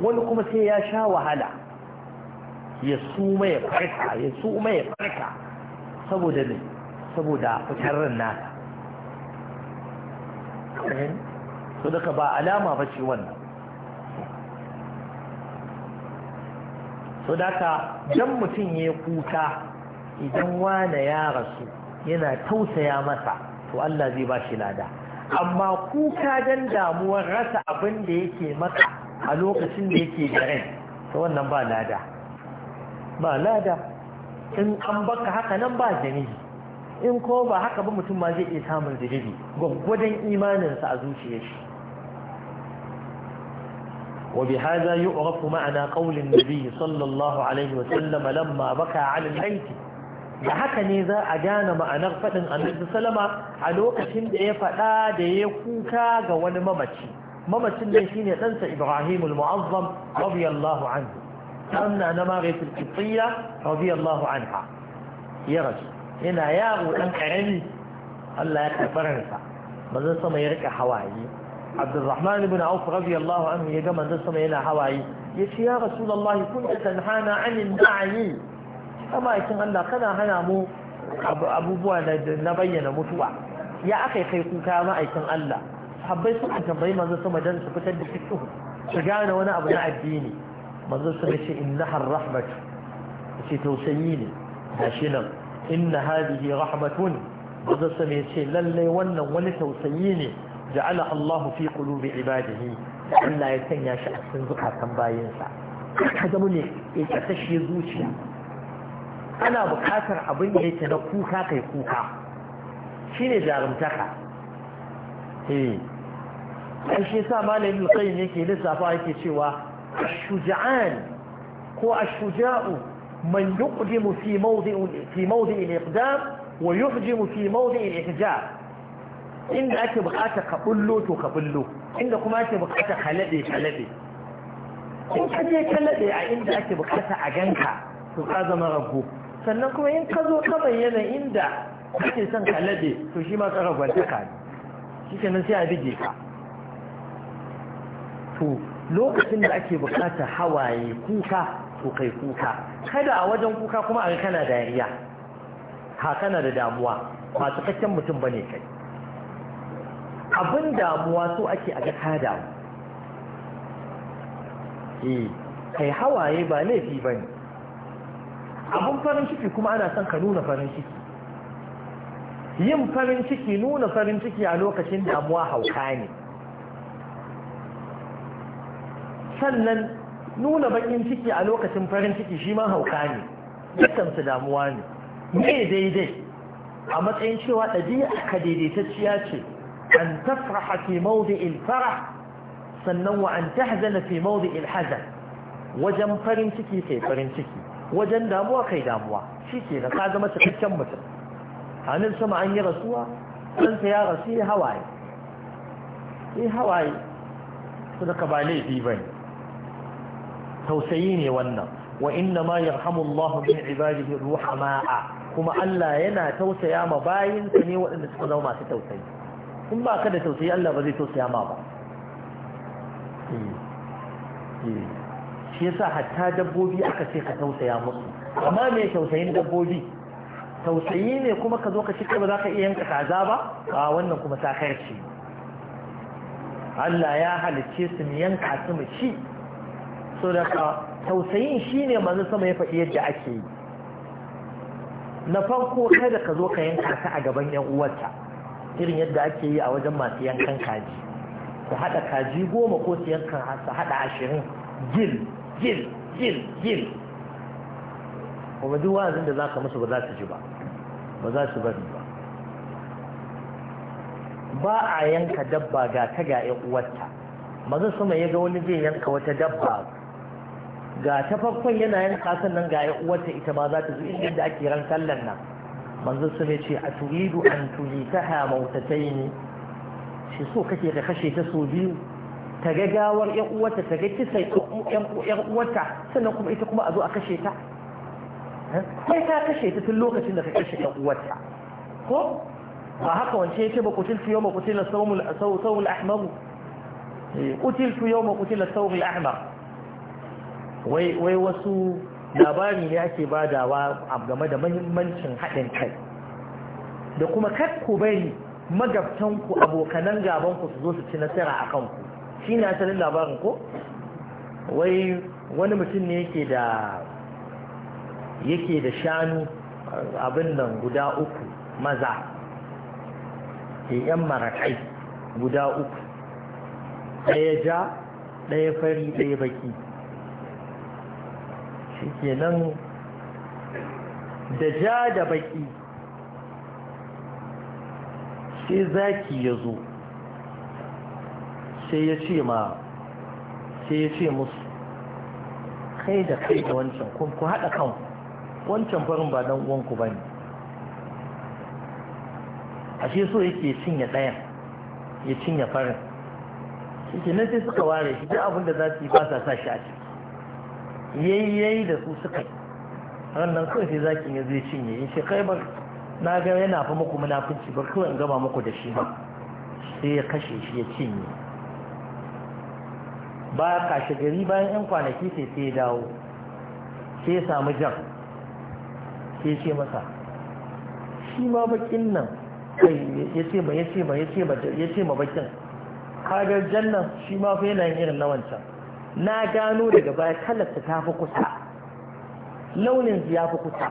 wani kuma sai ya sha wahala ya suma ya farka ya suma ya farka saboda ne saboda fitar ran nata so daga ba alama ba ce wannan so daga don mutum ya kuka idan wane ya rasu yana tausaya masa to Allah zai ba shi lada amma kuka dan damuwar rasa abin da yake maka a lokacin da yake da rai ta wannan ba lada ba lada in an baka haka nan ba janibi in ko ba haka ba mutum ma zai iya samun zunubi gwaggwadon imaninsa a zuciyar shi وبهذا يعرف ma'ana قول nabi sallallahu alaihi عليه lamma baka a على البيت da haka ne za a gane ma'anar faɗin annabi salama a lokacin da ya faɗa da ya kuka ga wani mamaci mamacin nan shine ɗansa Ibrahim al-Mu'azzam radiyallahu anhu sanna na Maryam al-Qibtiyya radiyallahu anha ya rasu yana yaro dan karami Allah ya karbar sa manzon sama ya rika hawaye Abdurrahman ibn Auf radiyallahu anhu ya ga manzon sama yana hawaye yace ya Rasulullah kunta tanhana 'anil da'i kama Allah kana hana mu abubuwa na bayyana mutuwa ya aka kai kuka ma'aikin Allah habbai suka tambayi manzo sama dan su fitar da fiqh su gane wani abu na addini manzo sama ce innaha Rahmat ce tausayi ne gashi nan inna hadhihi rahmatun manzo sama ce lalle wannan wani tausayi ne ja'ala Allah fi qulubi ibadihi Allah ya sanya shi a cikin zukatan bayinsa ka zama ne ya kasashe zuciya ana bukatar abin da yake na kuka kai kuka shi ne jarumtaka eh ai shi sa malamin qayyim yake lissafa yake cewa shuja'an ko ashuja'u man yuqdimu fi mawdi'in fi mawdi'in iqdam wa yuhjimu fi mawdi'in ihjab inda ake bukata ka bullo to ka bullo inda kuma ake bukata ka lade ka lade in ka je ka lade a inda ake bukata a ganka to ka zama rago sannan kuma in ka zo ka bayyana inda kake son ka lade to shi ma tsara gwantaka ne shi nan sai a bige ka to lokacin da ake bukatar hawaye kuka to kai kuka kada a wajen kuka kuma a kana dariya ha kana da damuwa ba cikakken mutum ba ne kai abin damuwa so ake a ga ka damu eh, kai hawaye ba laifi ba ne. abun farin ciki kuma ana son ka nuna farin ciki yin farin ciki nuna farin ciki a lokacin damuwa hauka ne sannan nuna bakin ciki a lokacin farin ciki shi ma hauka ne dukkansu damuwa ne me daidai a matsayin cewa ɗabi'a ka daidaitacciya ce an tafraha fi mawdi'il farah sannan wa an tahzana fi mawdi'il hazan wajen farin ciki kai farin ciki wajen damuwa kai damuwa shi ke da ka zama cikakken mutum hannun sama an yi rasuwa ɗansa ya rasu ya hawaye ya hawaye su da ka ba ne tausayi ne wannan wa inna ma yarhamu Allah min ruwa ruhama'a kuma Allah yana tausaya ma bayinsa ne waɗanda suka zama masu tausayi in ba ka da tausayi Allah ba zai tausaya ma ba hmm. Hmm. shi yasa hatta dabbobi aka ce ka tausaya musu amma me tausayin dabbobi tausayi ne kuma ka zo ka cika ba za ka iya yanka kaza ba a wannan kuma sakar ce Allah ya halicce su mu yanka su mu ci so da ka tausayin shine manzo sama ya faɗi yadda ake yi na farko da ka zo ka yanka ta a gaban yan uwarta irin yadda ake yi a wajen masu yankan kaji su haɗa kaji goma ko su yankan su haɗa ashirin gil jin jin jil kuma duk wa'azin da za ka musu ba za su ji ba ba za su bari ba ba a yanka dabba ga ta ga ƴan uwarta maza sama ya ga wani zai yanka wata dabba ga ta farkon yana yanka sannan ga ƴan uwarta ita ma za ta zo inda ake ran sallan nan manzo sun ce a turidu an tulitaha ne shi so kake ka kashe ta so biyu ta ga gawar ‘yan uwarta, ta ga kisan ‘yan uwarta sannan kuma ita kuma a zo a kashe ta eh? Kai ka kashe ta tun lokacin da ka kashe ‘yan uwarta? ko ba haka wance yake ba kutil fiye ma kutil saumul ahmaru kutil eh, fiye ma kutil saumul ahmar wai wasu labari ne ake badawa game da mahimmancin haɗin kai da kuma kakku bai magabtanku abokanan gabanku su zo su ci nasara a kanku shi ne asalin labarin ko wai wani mutum ne yake da yake da shanu abin nan guda uku maza ke yan marakai guda uku ɗaya ja ɗaya fari ɗaya baki shi kenan da ja da baki sai zaki ya zo sai ya ce ma sai ya ce musu kai da kai da wancan ku haɗa kan wancan farin ba dan uwanku ba ne shi so yake cinye ɗayan ya cinye farin shi nan sai suka ware shi duk abin da za su yi ba sa sa shi a ciki yayi da su suka yi nan kawai sai zakin ya zai cinye in shi kai ba na ga yana fa muku munafunci ba kawai in gama muku da shi ba sai ya kashe shi ya cinye ba ka shigari bayan 'yan kwanaki sai sai dawo sai ya samu jan sai ce masa shi ma bakin nan kai ya ce ma ya ce ma ya ce ya ce ma bakin kagar jan nan shi ma fa yana irin na wancan na gano daga baya kalarsa ta fi kusa launin ya fi kusa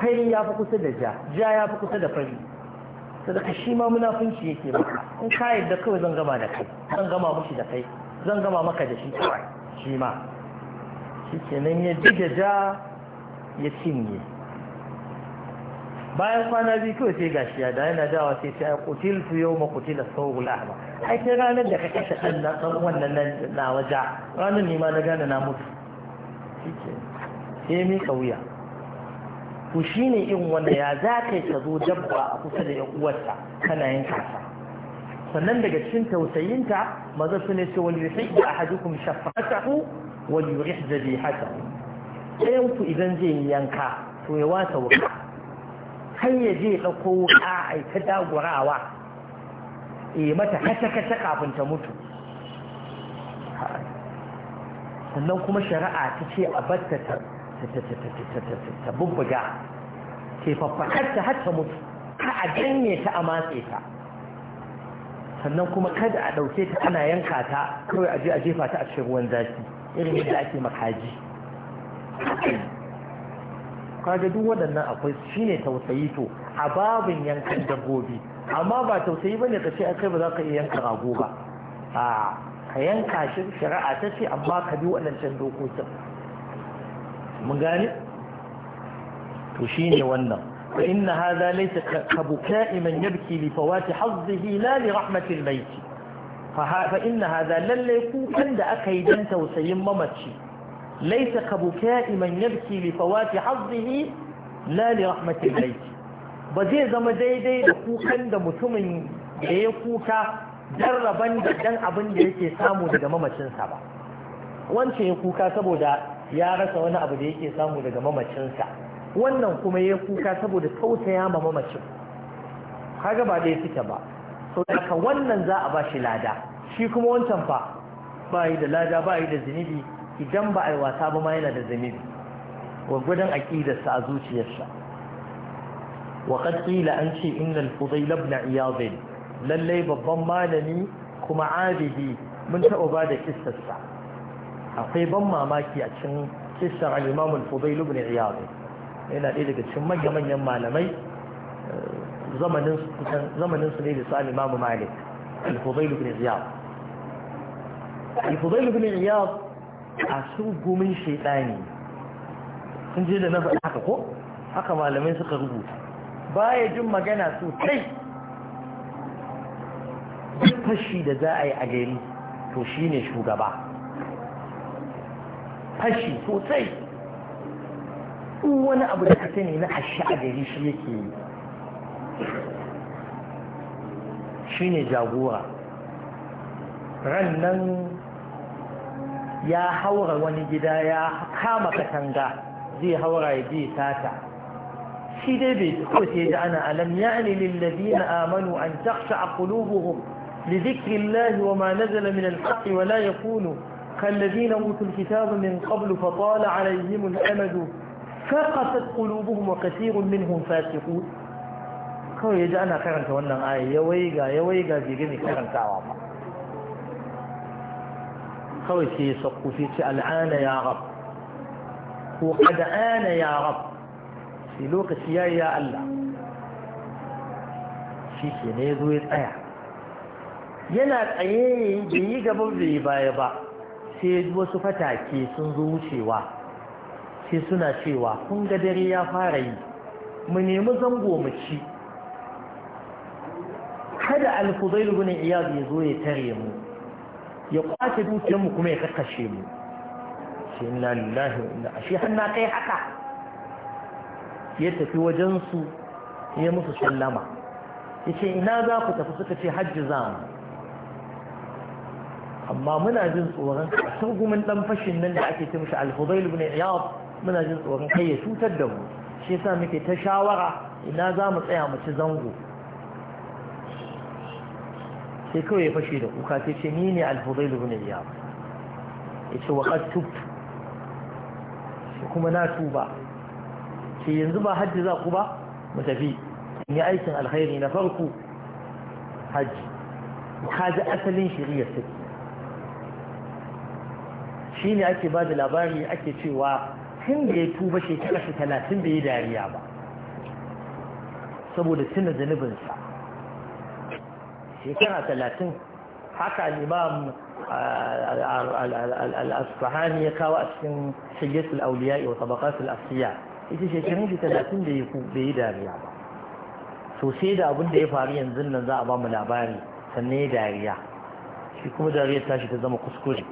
fari ya fi kusa da ja ja ya fi kusa da fari sadaka shi ma munafunci yake ba in ka yadda kawai zan gama da kai zan gama mushi da kai zan gama maka da shi kawai shi ma shi kenan ya ja ya cinye bayan kwana biyu kawai sai gashi ya da yana dawa sai sai kutil su yau ma kutil a sauhul ahma ai sai ranar da ka kashe ɗan na ɗan wannan nan na waja ranar ne ma na gane na mutu shi sai mi kauya shi ne in wanda ya za ka zo dabba a kusa da 'yan uwarta kana yin kasa sannan daga cikin tausayinta maza su ne da ce wal yuhibbu ahadukum shafaqatahu wal yurih zabihatahu ɗayan ku idan zai yi yanka to ya wata wuka kan ya je ɗauko wuka a ita dagurawa e mata kata kata kafin ta mutu sannan kuma shari'a ta ce a batta ta ta bubbuga ke faffakar ta har ta mutu ka a janye ta a matse ta sannan kuma kada a ɗauke ta ana yanka ta kawai aje a jefa ta a cikin ruwan zafi irin yadda ake makaji kaga duk waɗannan akwai shine tausayi to a babin yankan dabbobi amma ba tausayi bane ka ce kai ba za ka iya yanka rago ba a ka yanka shi shari'a ta ce amma ka bi waɗancan dokokin mun gane to shine wannan فإن هذا ليس كبكاء من يبكي لفوات حظه لا لرحمة الميت فإن هذا للي كوكن دا أكيدن توسيم ممتشي ليس كبكاء من يبكي لفوات حظه لا لرحمة الميت بزي زم ديدي دا كوكن دا متمن da kuka jarraban da dan abin da yake samu daga mamacinsa ba wancan ya kuka saboda ya rasa wani abu da yake samu daga mamacinsa wannan kuma ya kuka saboda ya ma mamacin kaga ba dai suke ba sau daga wannan za a ba shi lada shi kuma wancan fa ba yi da lada ba yi da zunubi idan ba a yi wasa ba ma yana da zunubi gwaggwadon aƙidarsa a zuciyarsa Wa ƙila an ce innal fudai labna iyazin lallai babban malami kuma abidi mun taɓa ba da kistarsa akwai ban mamaki a cikin kistar al-imam al labna iyazin yana ɗaya daga cikin manya-manyan malamai eh, zamanin su ne da su imamu malik al-fudailu bin ziyad al-fudailu bin a su gumin shaidani sun je da na faɗi haka ko haka malamai suka rubuta baya jin magana sosai duk fashi da za a yi a gari to shi ne shugaba fashi sosai duk wani abu da ka sani na ash'ari shi yake yi shine jagora ran nan ya haura wani gida ya kama katanga zai haura ya je sata shi dai bai ko sai da ana alam ya'ni lil ladina amanu an takhsha qulubuhum li dhikri Allah wa ma nazala min al haqq wa la yakunu kal ladina utul kitaba min qablu fa tala alayhim al amadu فقست قلوبهم وكثير منهم فاسقون kawai ya ana karanta wannan aya ya waiga ya waiga bai gani karantawa ba kawai sai ya sakku sai ce al'ana ya rab ko kada ana ya rab shi lokaci ya ya Allah shi ke ne ya zo ya tsaya yana tsaye bai yi gaba bai baya ba sai wasu fatake sun zo wucewa sai suna cewa kun ga dare ya fara yi mu nemi zango mu ci kada alfuzail ibn iyad ya zo ya tare mu ya kwace dukiyar mu kuma ya kakkashe mu shi inna lillahi wa inna ashe hanna kai haka ya tafi wajen su ya musu sallama yace ina za ku tafi suka ce hajji za mu amma muna jin tsoron turgumin dan fashin nan da ake ce mishi alfuzail ibn iyad muna jin tsoron kai ya cutar da mu shi yasa muke ta shawara ina za mu tsaya mu ci zango sai kawai ya fashe da kuka sai ce ni ne alfudailu bin ya ce wa qad kuma na tuba sai yanzu ba hajji za ku ba mu tafi in yi aikin alkhairi na farko hajji ka ji asalin shari'a take shi ne ake ba da labari ake cewa tun da ya tuba shekara shi talatin da ya dariya ba saboda tuna zanubinsa shekara talatin haka al'imam al'asfahani ya kawo a cikin shayyatul auliya wa tabaqatul asiya ita shekarun shi talatin da ya yi dariya ba sosai sai da abin da ya faru yanzu nan za a ba mu labari sannan ya dariya shi kuma dariya tashi ta zama kuskure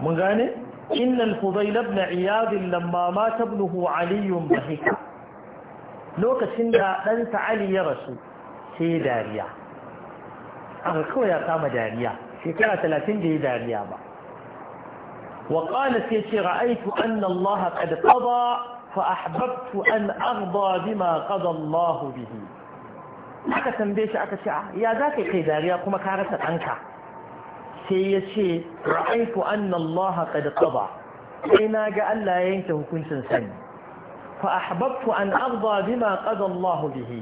mun gane إن الفضيل بن عياض لما مات ابنه علي ضحك لوكسن دا ɗansa Ali ya rasu sai dariya aka kama dariya shekara talatin da ya dariya ba وقال سيتي رأيت أن الله قد قضى فأحببت أن أرضى بما قضى الله به aka tambaye shi aka ce ya za ka kai dariya kuma ka rasa ɗanka sai ya ce ra'aiku anna Allah qad qada sai na ga Allah ya yanke hukuncin sani fa ahbabtu an arda bima qada Allah bihi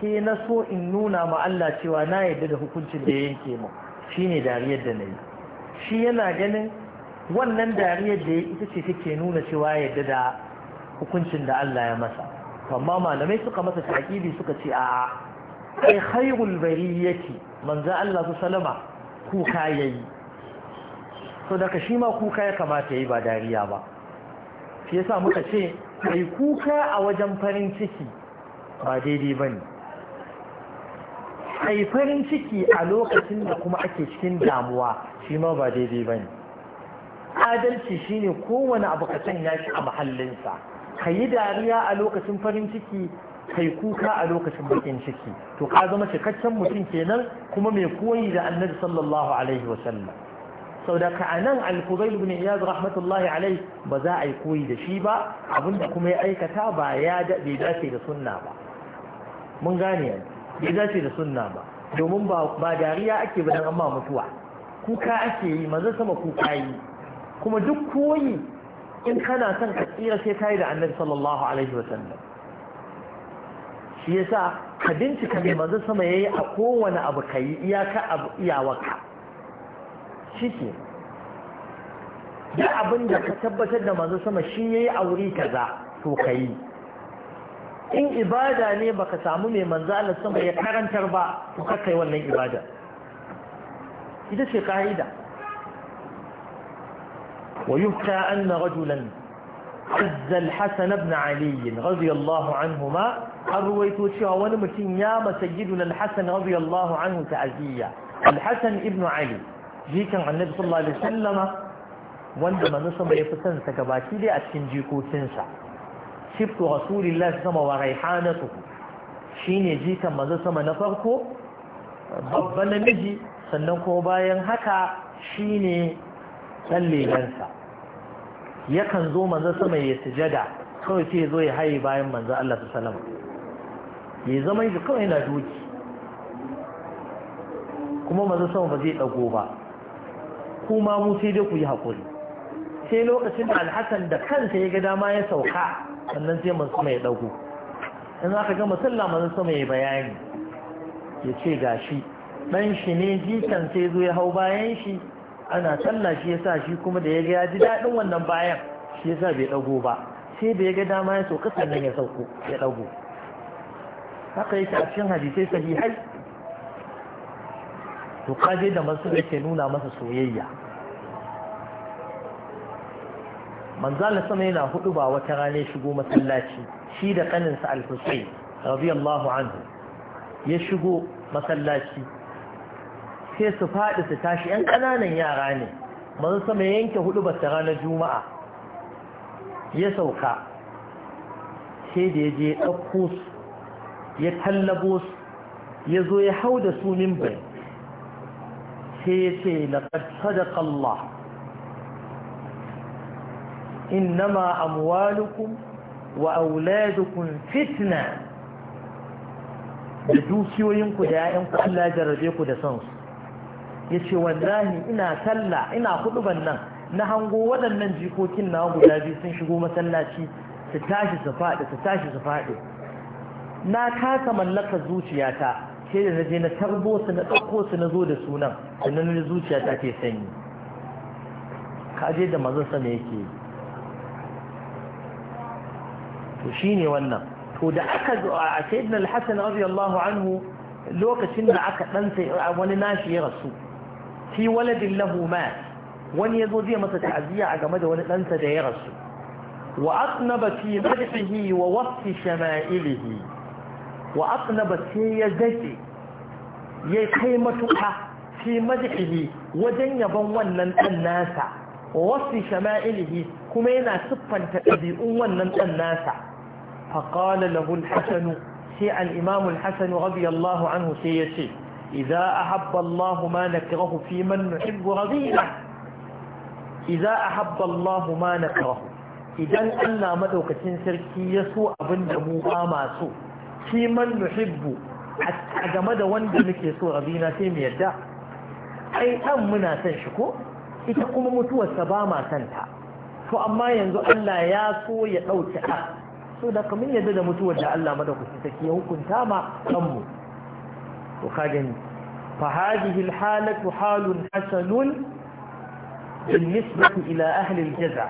sai na so in nuna ma Allah cewa na yadda da hukuncin da ya yanke mu shine dariyar da nayi shi yana ganin wannan dariyar da ya ita ce take nuna cewa yadda da hukuncin da Allah ya masa amma malamai suka masa taƙidi suka ce a'a kai khairul bariyati manzo Allah su salama kuka ya yi so daga shi ma kuka ya kamata ya yi ba dariya ba shi yasa muka ce mai kuka a wajen farin ciki ba daidai ba ne mai farin ciki a lokacin da kuma ake cikin damuwa shi ma ba daidai ba ne adalci shine kowane abu ka sanya shi a mahallinsa ka yi dariya a lokacin farin ciki kai kuka a lokacin bakin ciki to ka zama cikakken mutum kenan kuma mai koyi da annabi sallallahu alaihi wa sallam sau da ka anan al-fudail ibn iyaz rahmatullahi alaihi ba za a yi koyi da shi ba abinda kuma ya aikata ba ya bai dace da sunna ba mun gane yanzu bai dace da sunna ba domin ba dariya ake ba don amma mutuwa kuka ake yi maza sama kuka yi kuma duk koyi in kana son ka tsira sai yi da annabi sallallahu alaihi wa sallam shi yasa ka bincika mai manzon sama yayi a kowane abu ka yi iyaka abu iyawarka shi ke da abin da ka tabbatar da manzon sama shi yayi a wuri kaza to ka yi in ibada ne baka samu mai manza Allah sama ya karantar ba to ka kai wannan ibada ita ce kaida ويحكى أن rajulan عز الحسن بن علي رضي الله عنهما أرويت شيئا ونمتن يا مسجدنا الحسن رضي الله عنه تعزية الحسن ابن علي جيكا عن النبي صلى الله عليه وسلم وعندما نصم يفتن سكباتي لي أتنجيكو تنسى شبت رسول الله سما وريحانته شيني جيكا ما نصم نفركو babban namiji sannan kuma bayan haka shine tsalle gansa yakan zo manzo sama ya sujada kawai sai zo ya haye bayan manzo Allah Ta salama ya zama shi kawai na doki kuma manzo sama ba zai dago ba kuma mu sai dai ku yi hakuri sai lokacin da alhassan da kansa ya ga dama ya sauka sannan sai manzo sama ya dago in aka gama sallah manzo sama ya bayani ya ce gashi dan shi ne jikan sai zo ya hau bayan shi ana talla shi ya sa shi kuma da ya ga ya ji daɗin wannan bayan shi ya sa bai ɗago ba sai da ya ga dama ya sauka sannan ya sauko ya ɗago haka yake a cikin hadisai sahihai to kaje da masu yake nuna masa soyayya manzala sama yana hudu ba wata rana shigo masallaci shi da kaninsa al-husayn radiyallahu anhu ya shigo masallaci sai su faɗi su tashi ‘yan ƙananan yara ne su sama yanke hudu ba ranar juma'a ya sauka sai da ya je ya ɗauko su ya tallabo su ya zo ya hau da su mimbai sai ya ce laƙar In Allah innama amwalukum wa auladukum fitna da dukiyoyinku da ‘ya'yanku Allah jarabe ku da sansu ya ce wallahi ina talla ina kuduban nan na hango waɗannan jikokin na guda biyu sun shigo masallaci su tashi su faɗi su tashi su faɗi na kasa mallaka zuciyata ke da na je na tarbo su na ɗauko su na zo da sunan sannan na zuciyata ke sanyi ka je da mazan sama yake to shine wannan to da aka zo a sayyidina alhassan hasan radiyallahu anhu lokacin da aka ɗansa wani nashi ya rasu fi waladin lahuma mat wani yazo zai masa ta'aziyya a game da wani ɗansa da ya rasu wa asnaba fi madhihi wa wasfi shama'ilihi wa asnaba sai ya zake ya kai matuƙa fi madhihi wajen yaban wannan ɗan nasa wa wasfi shama'ilihi kuma yana siffanta ɗabi'un wannan ɗan nasa faqala lahu al-hasan sai al-imam al-hasan radiyallahu anhu sai ya ce إذا أحب الله ما نكره في من نحب رضينا إذا أحب الله ما نكره idan Allah madaukakin sarki ya so abin da mu ba masu shi man nuhibbu a game da wanda muke so rabina sai mu yadda ai dan muna san shi ko ita kuma mutuwar sa ba ma san ta to amma yanzu Allah ya so ya dauki a so da kamin yadda da mutuwar da Allah madaukakin sarki ya hukunta ma kanmu mu to ka gani fa hadhihi alhalatu halun hasanun بالنسبة ila ahlil الجزع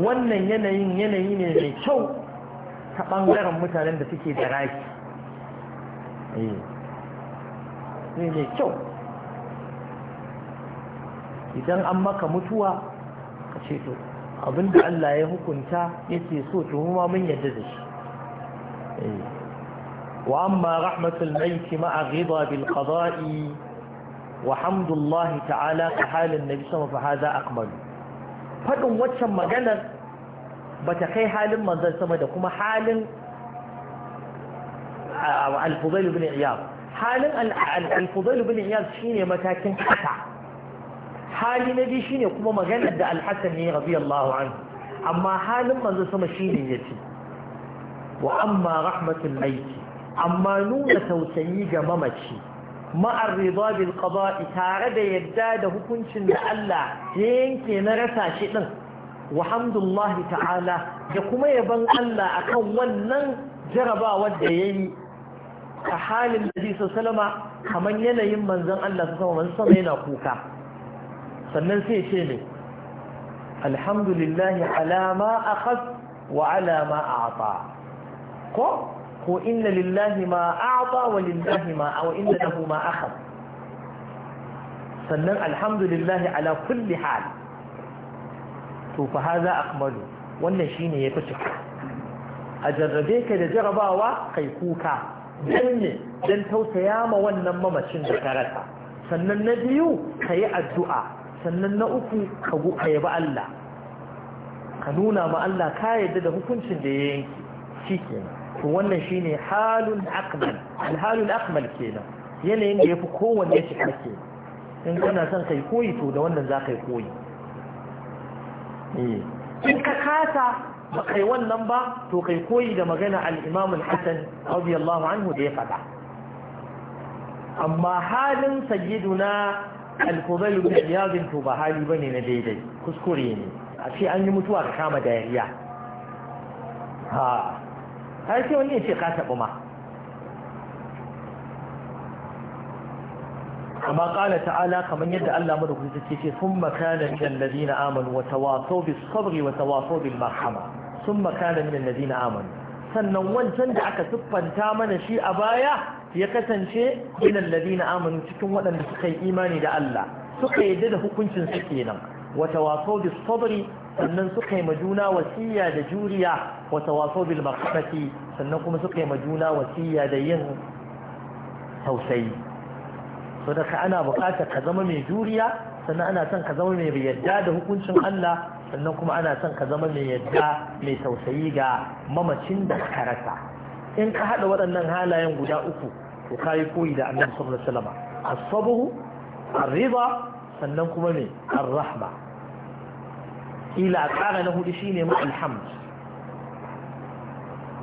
wannan yanayin yanayi ne mai kyau ta ɓangaren mutanen da suke da raki ne mai kyau idan an maka mutuwa ka ce to abinda Allah ya hukunta yake so to ma mun yarda da shi وأما رحمة الميت مع غضا بالقضاء وحمد الله تعالى كحال النبي صلى الله عليه وسلم فهذا أقبل فكم واتشم مجالا بتخي حال منزل سمد كما حال الفضيل بن عياض حال الفضيل بن عياض شيني متاكن حتى حال نبي شيني كما مجالا دا الحسن رضي الله عنه أما حال منزل سمد شيني يتي وأما رحمة الميت amma nuna tausayi ga mamaci ma'ar riba bil qada'i tare da yadda da hukuncin da Allah ya yanke na rasa shi din wa hamdullahi ta'ala da kuma yaban Allah akan wannan jarabawar da yayi a halin da zai sallama kamar yanayin manzon Allah sallallahu alaihi wasallam yana kuka sannan sai ce ne alhamdulillahi ala ma akhadh wa ala ma a'ta ko ko inna lillahi ma a'ta wa lillahi ma aw inna lahu ma akhad sannan alhamdulillah ala kulli hal to fa hadha akmalu wannan shine yafi cika a jarrabe ka da jarabawa kai kuka dan ne dan tausaya ma wannan mamacin da karata. sannan na biyu kayi addu'a sannan na uku ka go yabi Allah ka nuna ma Allah ka yadda da hukuncin da ya yanki shikenan to wannan shine halun akmal alhalul akmal kenan yanayin da yafi kowanne shi ke in kana son kai koyi to da wannan za ka yi koyi eh, in ka kasa ba kai wannan ba to kai koyi da magana al asan al anhu da ya faɗa amma halin sayidu na fudayl bin to ba hali bane na daidai kuskure ne a ce an yi mutuwa ka kama dariya har sai wani ya ce ka taɓa ma kama ƙala ta'ala kamar yadda Allah da madaukaki ta ce sun makana minan lazina amanu wa tawaso bis sabri wa tawaso bil marhama sun makana minan lazina amanu sannan wancan da aka siffanta mana shi a baya ya kasance minan lazina amanu cikin waɗanda suka yi imani da Allah suka yadda da hukuncin su kenan wa tawaso bis sabri sannan suka yi majuna wasiya da juriya wa tawaso bil maghfirati sannan kuma suka yi majuna wasiya da yin tausayi so da ana buƙatar ka zama mai juriya sannan ana son ka zama mai yadda da hukuncin Allah sannan kuma ana son ka zama mai yadda mai tausayi ga mamacin da ka rasa in ka haɗa waɗannan halayen guda uku to ka yi koyi da annabi sallallahu alaihi wasallam as-sabr ar-ridha sannan kuma ne ar-rahma kila a ƙara na hudu shine ma alhamd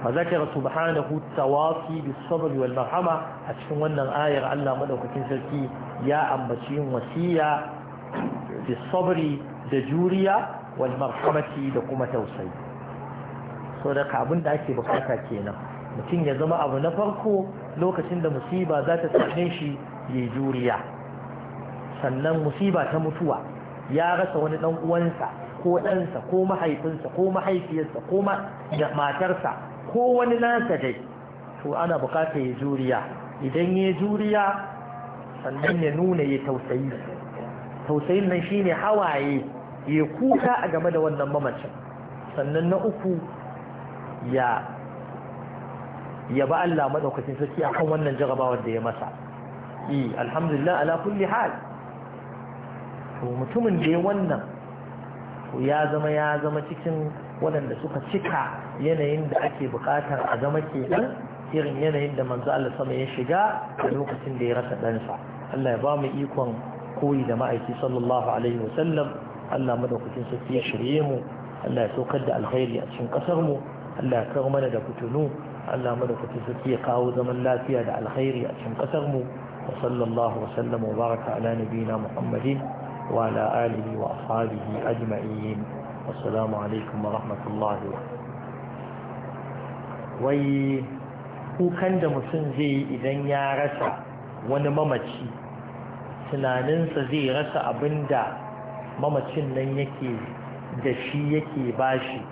fa zakara subhanahu tawafi bis sabr wal marhama a cikin wannan ayar Allah madaukakin sarki ya ambaci yin wasiya bis sabri da juriya wal marhamati da kuma tausayi so da abin da ake bukata kenan mutum ya zama abu na farko lokacin da musiba za ta same shi ya juriya sannan musiba ta mutuwa ya rasa wani dan uwansa ko ɗansa ko mahaifinsa ko mahaifiyarsa ko matarsa ko wani nasa dai to ana bukata ya juriya idan ya juriya sannan ya nuna ya tausayi tausayin nan shine hawaye ya kuka a game da wannan mamacin sannan na uku ya ya ba Allah madaukakin sarki akan wannan jarabawar da ya masa eh alhamdulillah ala kulli hal to mutumin da ya wannan to ya zama ya zama cikin waɗanda suka cika yanayin da ake buƙatar a zama kenan irin yanayin da manzo Allah sama ya shiga a lokacin da ya rasa ɗansa Allah ya ba mu ikon koyi da ma'aiki sallallahu alaihi wa sallam Allah madaukakin sarki ya shirye mu Allah ya saukar da alkhairi a cikin ƙasar mu Allah ya kawo mana da fitunu Allah madaukakin sarki ya kawo zaman lafiya da alkhairi a cikin ƙasar mu wa sallallahu wa wa baraka ala nabiyina Muhammadin وعلى آله وأصحابه أجمعين والسلام عليكم ورحمة الله wai kukan da mutum zai idan ya rasa wani mamaci tunaninsa zai rasa abin da mamacin nan yake da shi yake bashi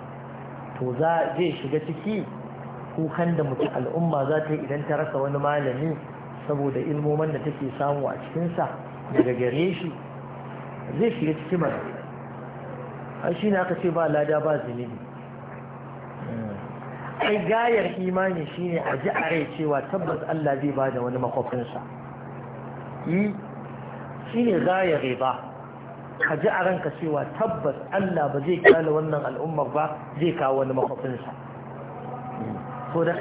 to za zai shiga ciki kukan da mutum al'umma za ta yi idan ta rasa wani malami saboda ilmoman da take samu a cikinsa daga gare shi zai shiga cikin mara a shi ne aka ce ba lada ba zunubi ai gayar imani shi ne a ji a rai cewa tabbas Allah zai ba da wani makwafinsa shi ne gayar ba ka ji a ranka cewa tabbas Allah ba zai kyala wannan al'ummar ba zai kawo wani makwafinsa so da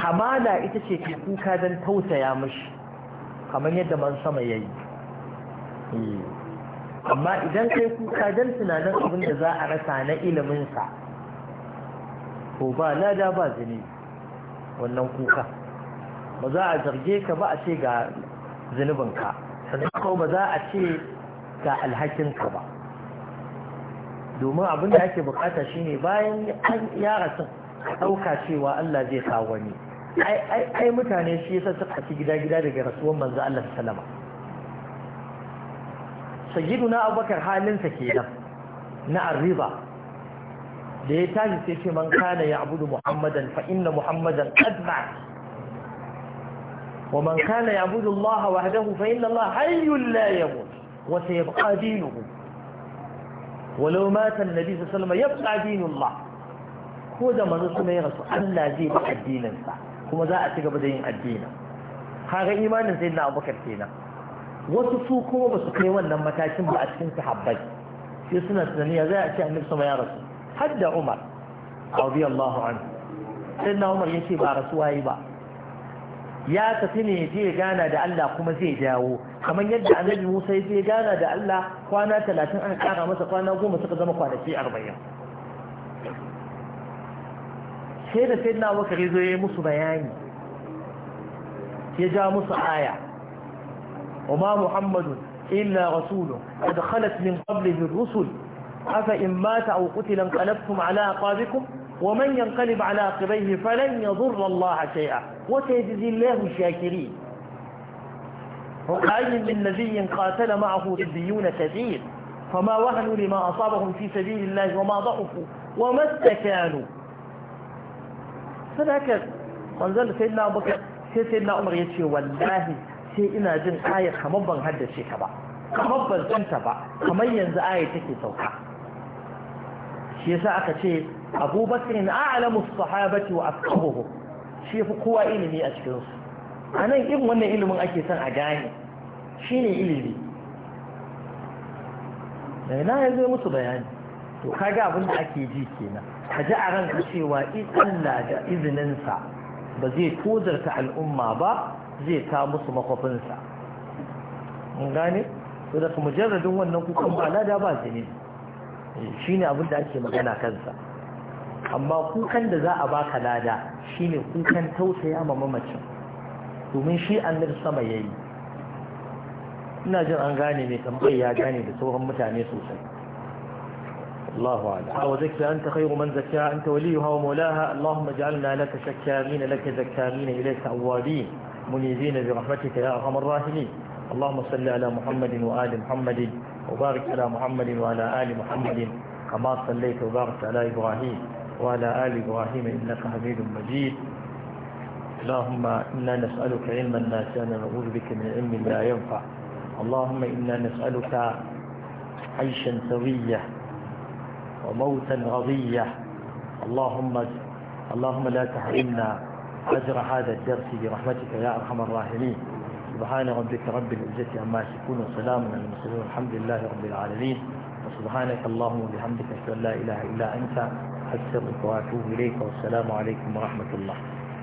kamala ita ce ke kuka don tausaya mashi kamar yadda man sama ya yi amma idan kai kuka dan tunanin abin da za a rasa na iliminsa ko ba lada ba zini wannan kuka ba za a zarge ka ba a ce ga zunubinka sannan ko ba za a ce ga alhakinka ba domin abin da ake bukata shine bayan an yara sun ɗauka cewa Allah zai kawo wani ai mutane shi yasa suka ci gida-gida daga rasuwan manzo Allah sallama sayyiduna abubakar halinsa kenan na arriba da ya tashi sai ce man kana ya abudu muhammadan fa inna muhammadan qad wa man kana ya abudu allaha wahdahu fa inna allaha hayyun la yamut wa sayabqa dinuhu walau mata annabi sallallahu alaihi wasallam yabqa dinullah ko da manzo kuma rasu Allah zai bi addinin sa kuma za a ci gaba da yin addini kaga imanin sayyidina abubakar kenan wasu su kuma ba su kai wannan matakin ba a cikin sahabbai sai suna tunani ya zai a ce annabi sama ya rasu har da umar Allahu anhu sai na umar yace ba rasu yi ba ya tafi ne je gana da Allah kuma zai dawo kamar yadda annabi Musa ya gana da Allah kwana talatin aka kara masa kwana goma suka zama kwanaki arba'in sai da sai na wakari zo ya musu bayani ya ja musu aya وما محمد إلا رسول قد خلت من قبله الرسل أفإن مات أو قتل انقلبتم على أعقابكم ومن ينقلب على عقبيه فلن يضر الله شيئا وسيجزي الله الشاكرين وقال من نبي قاتل معه ربيون كثير فما وهنوا لما أصابهم في سبيل الله وما ضعفوا وما استكانوا فذاك وانزل سيدنا أبو بكر سيدنا عمر يتشي والله sai ina jin ayar kamar ban haddace ka ba kamar ban santa ba kamar yanzu ayar take sauka shi yasa aka ce abubakar in a'lamu sahabati wa asqabuhu shi fi kowa ilimi a cikin su anan irin wannan ilimin ake son a gane shine ilimi na zo musu bayani to kaga abin da ake ji kenan ka ji a ranka cewa Allah da izininsa ba zai tozarta al'umma ba zai ta musu makwafinsa mun gane to da mujarradin wannan kukan ba lada ba zini shine abin da ake magana kansa amma kukan da za a baka lada shi ne kukan tausaya ma mamacin domin shi annabi sama ya yi. ina jin an gane mai tambayi ya gane da sauran mutane sosai الله أعلم وذكر أنت خير من زكاها أنت وليها ومولاها اللهم اجعلنا لك شكامين لك زكامين إليك أوابين منيبين برحمتك يا أرحم الراحمين اللهم صل على محمد وآل محمد وبارك على محمد وعلى آل محمد كما صليت وباركت على إبراهيم وعلى آل إبراهيم إنك حميد مجيد اللهم إنا نسألك علما كان نعوذ بك من علم لا ينفع اللهم إنا نسألك عيشا سويا وموتا غضيا اللهم اللهم لا تحرمنا أجر هذا الدرس برحمتك يا أرحم الراحمين سبحان ربك رب العزة عما يصفون وسلام على المرسلين والحمد لله رب العالمين وسبحانك اللهم وبحمدك أشهد أن لا إله إلا أنت أستغفرك وأتوب إليك والسلام عليكم ورحمة الله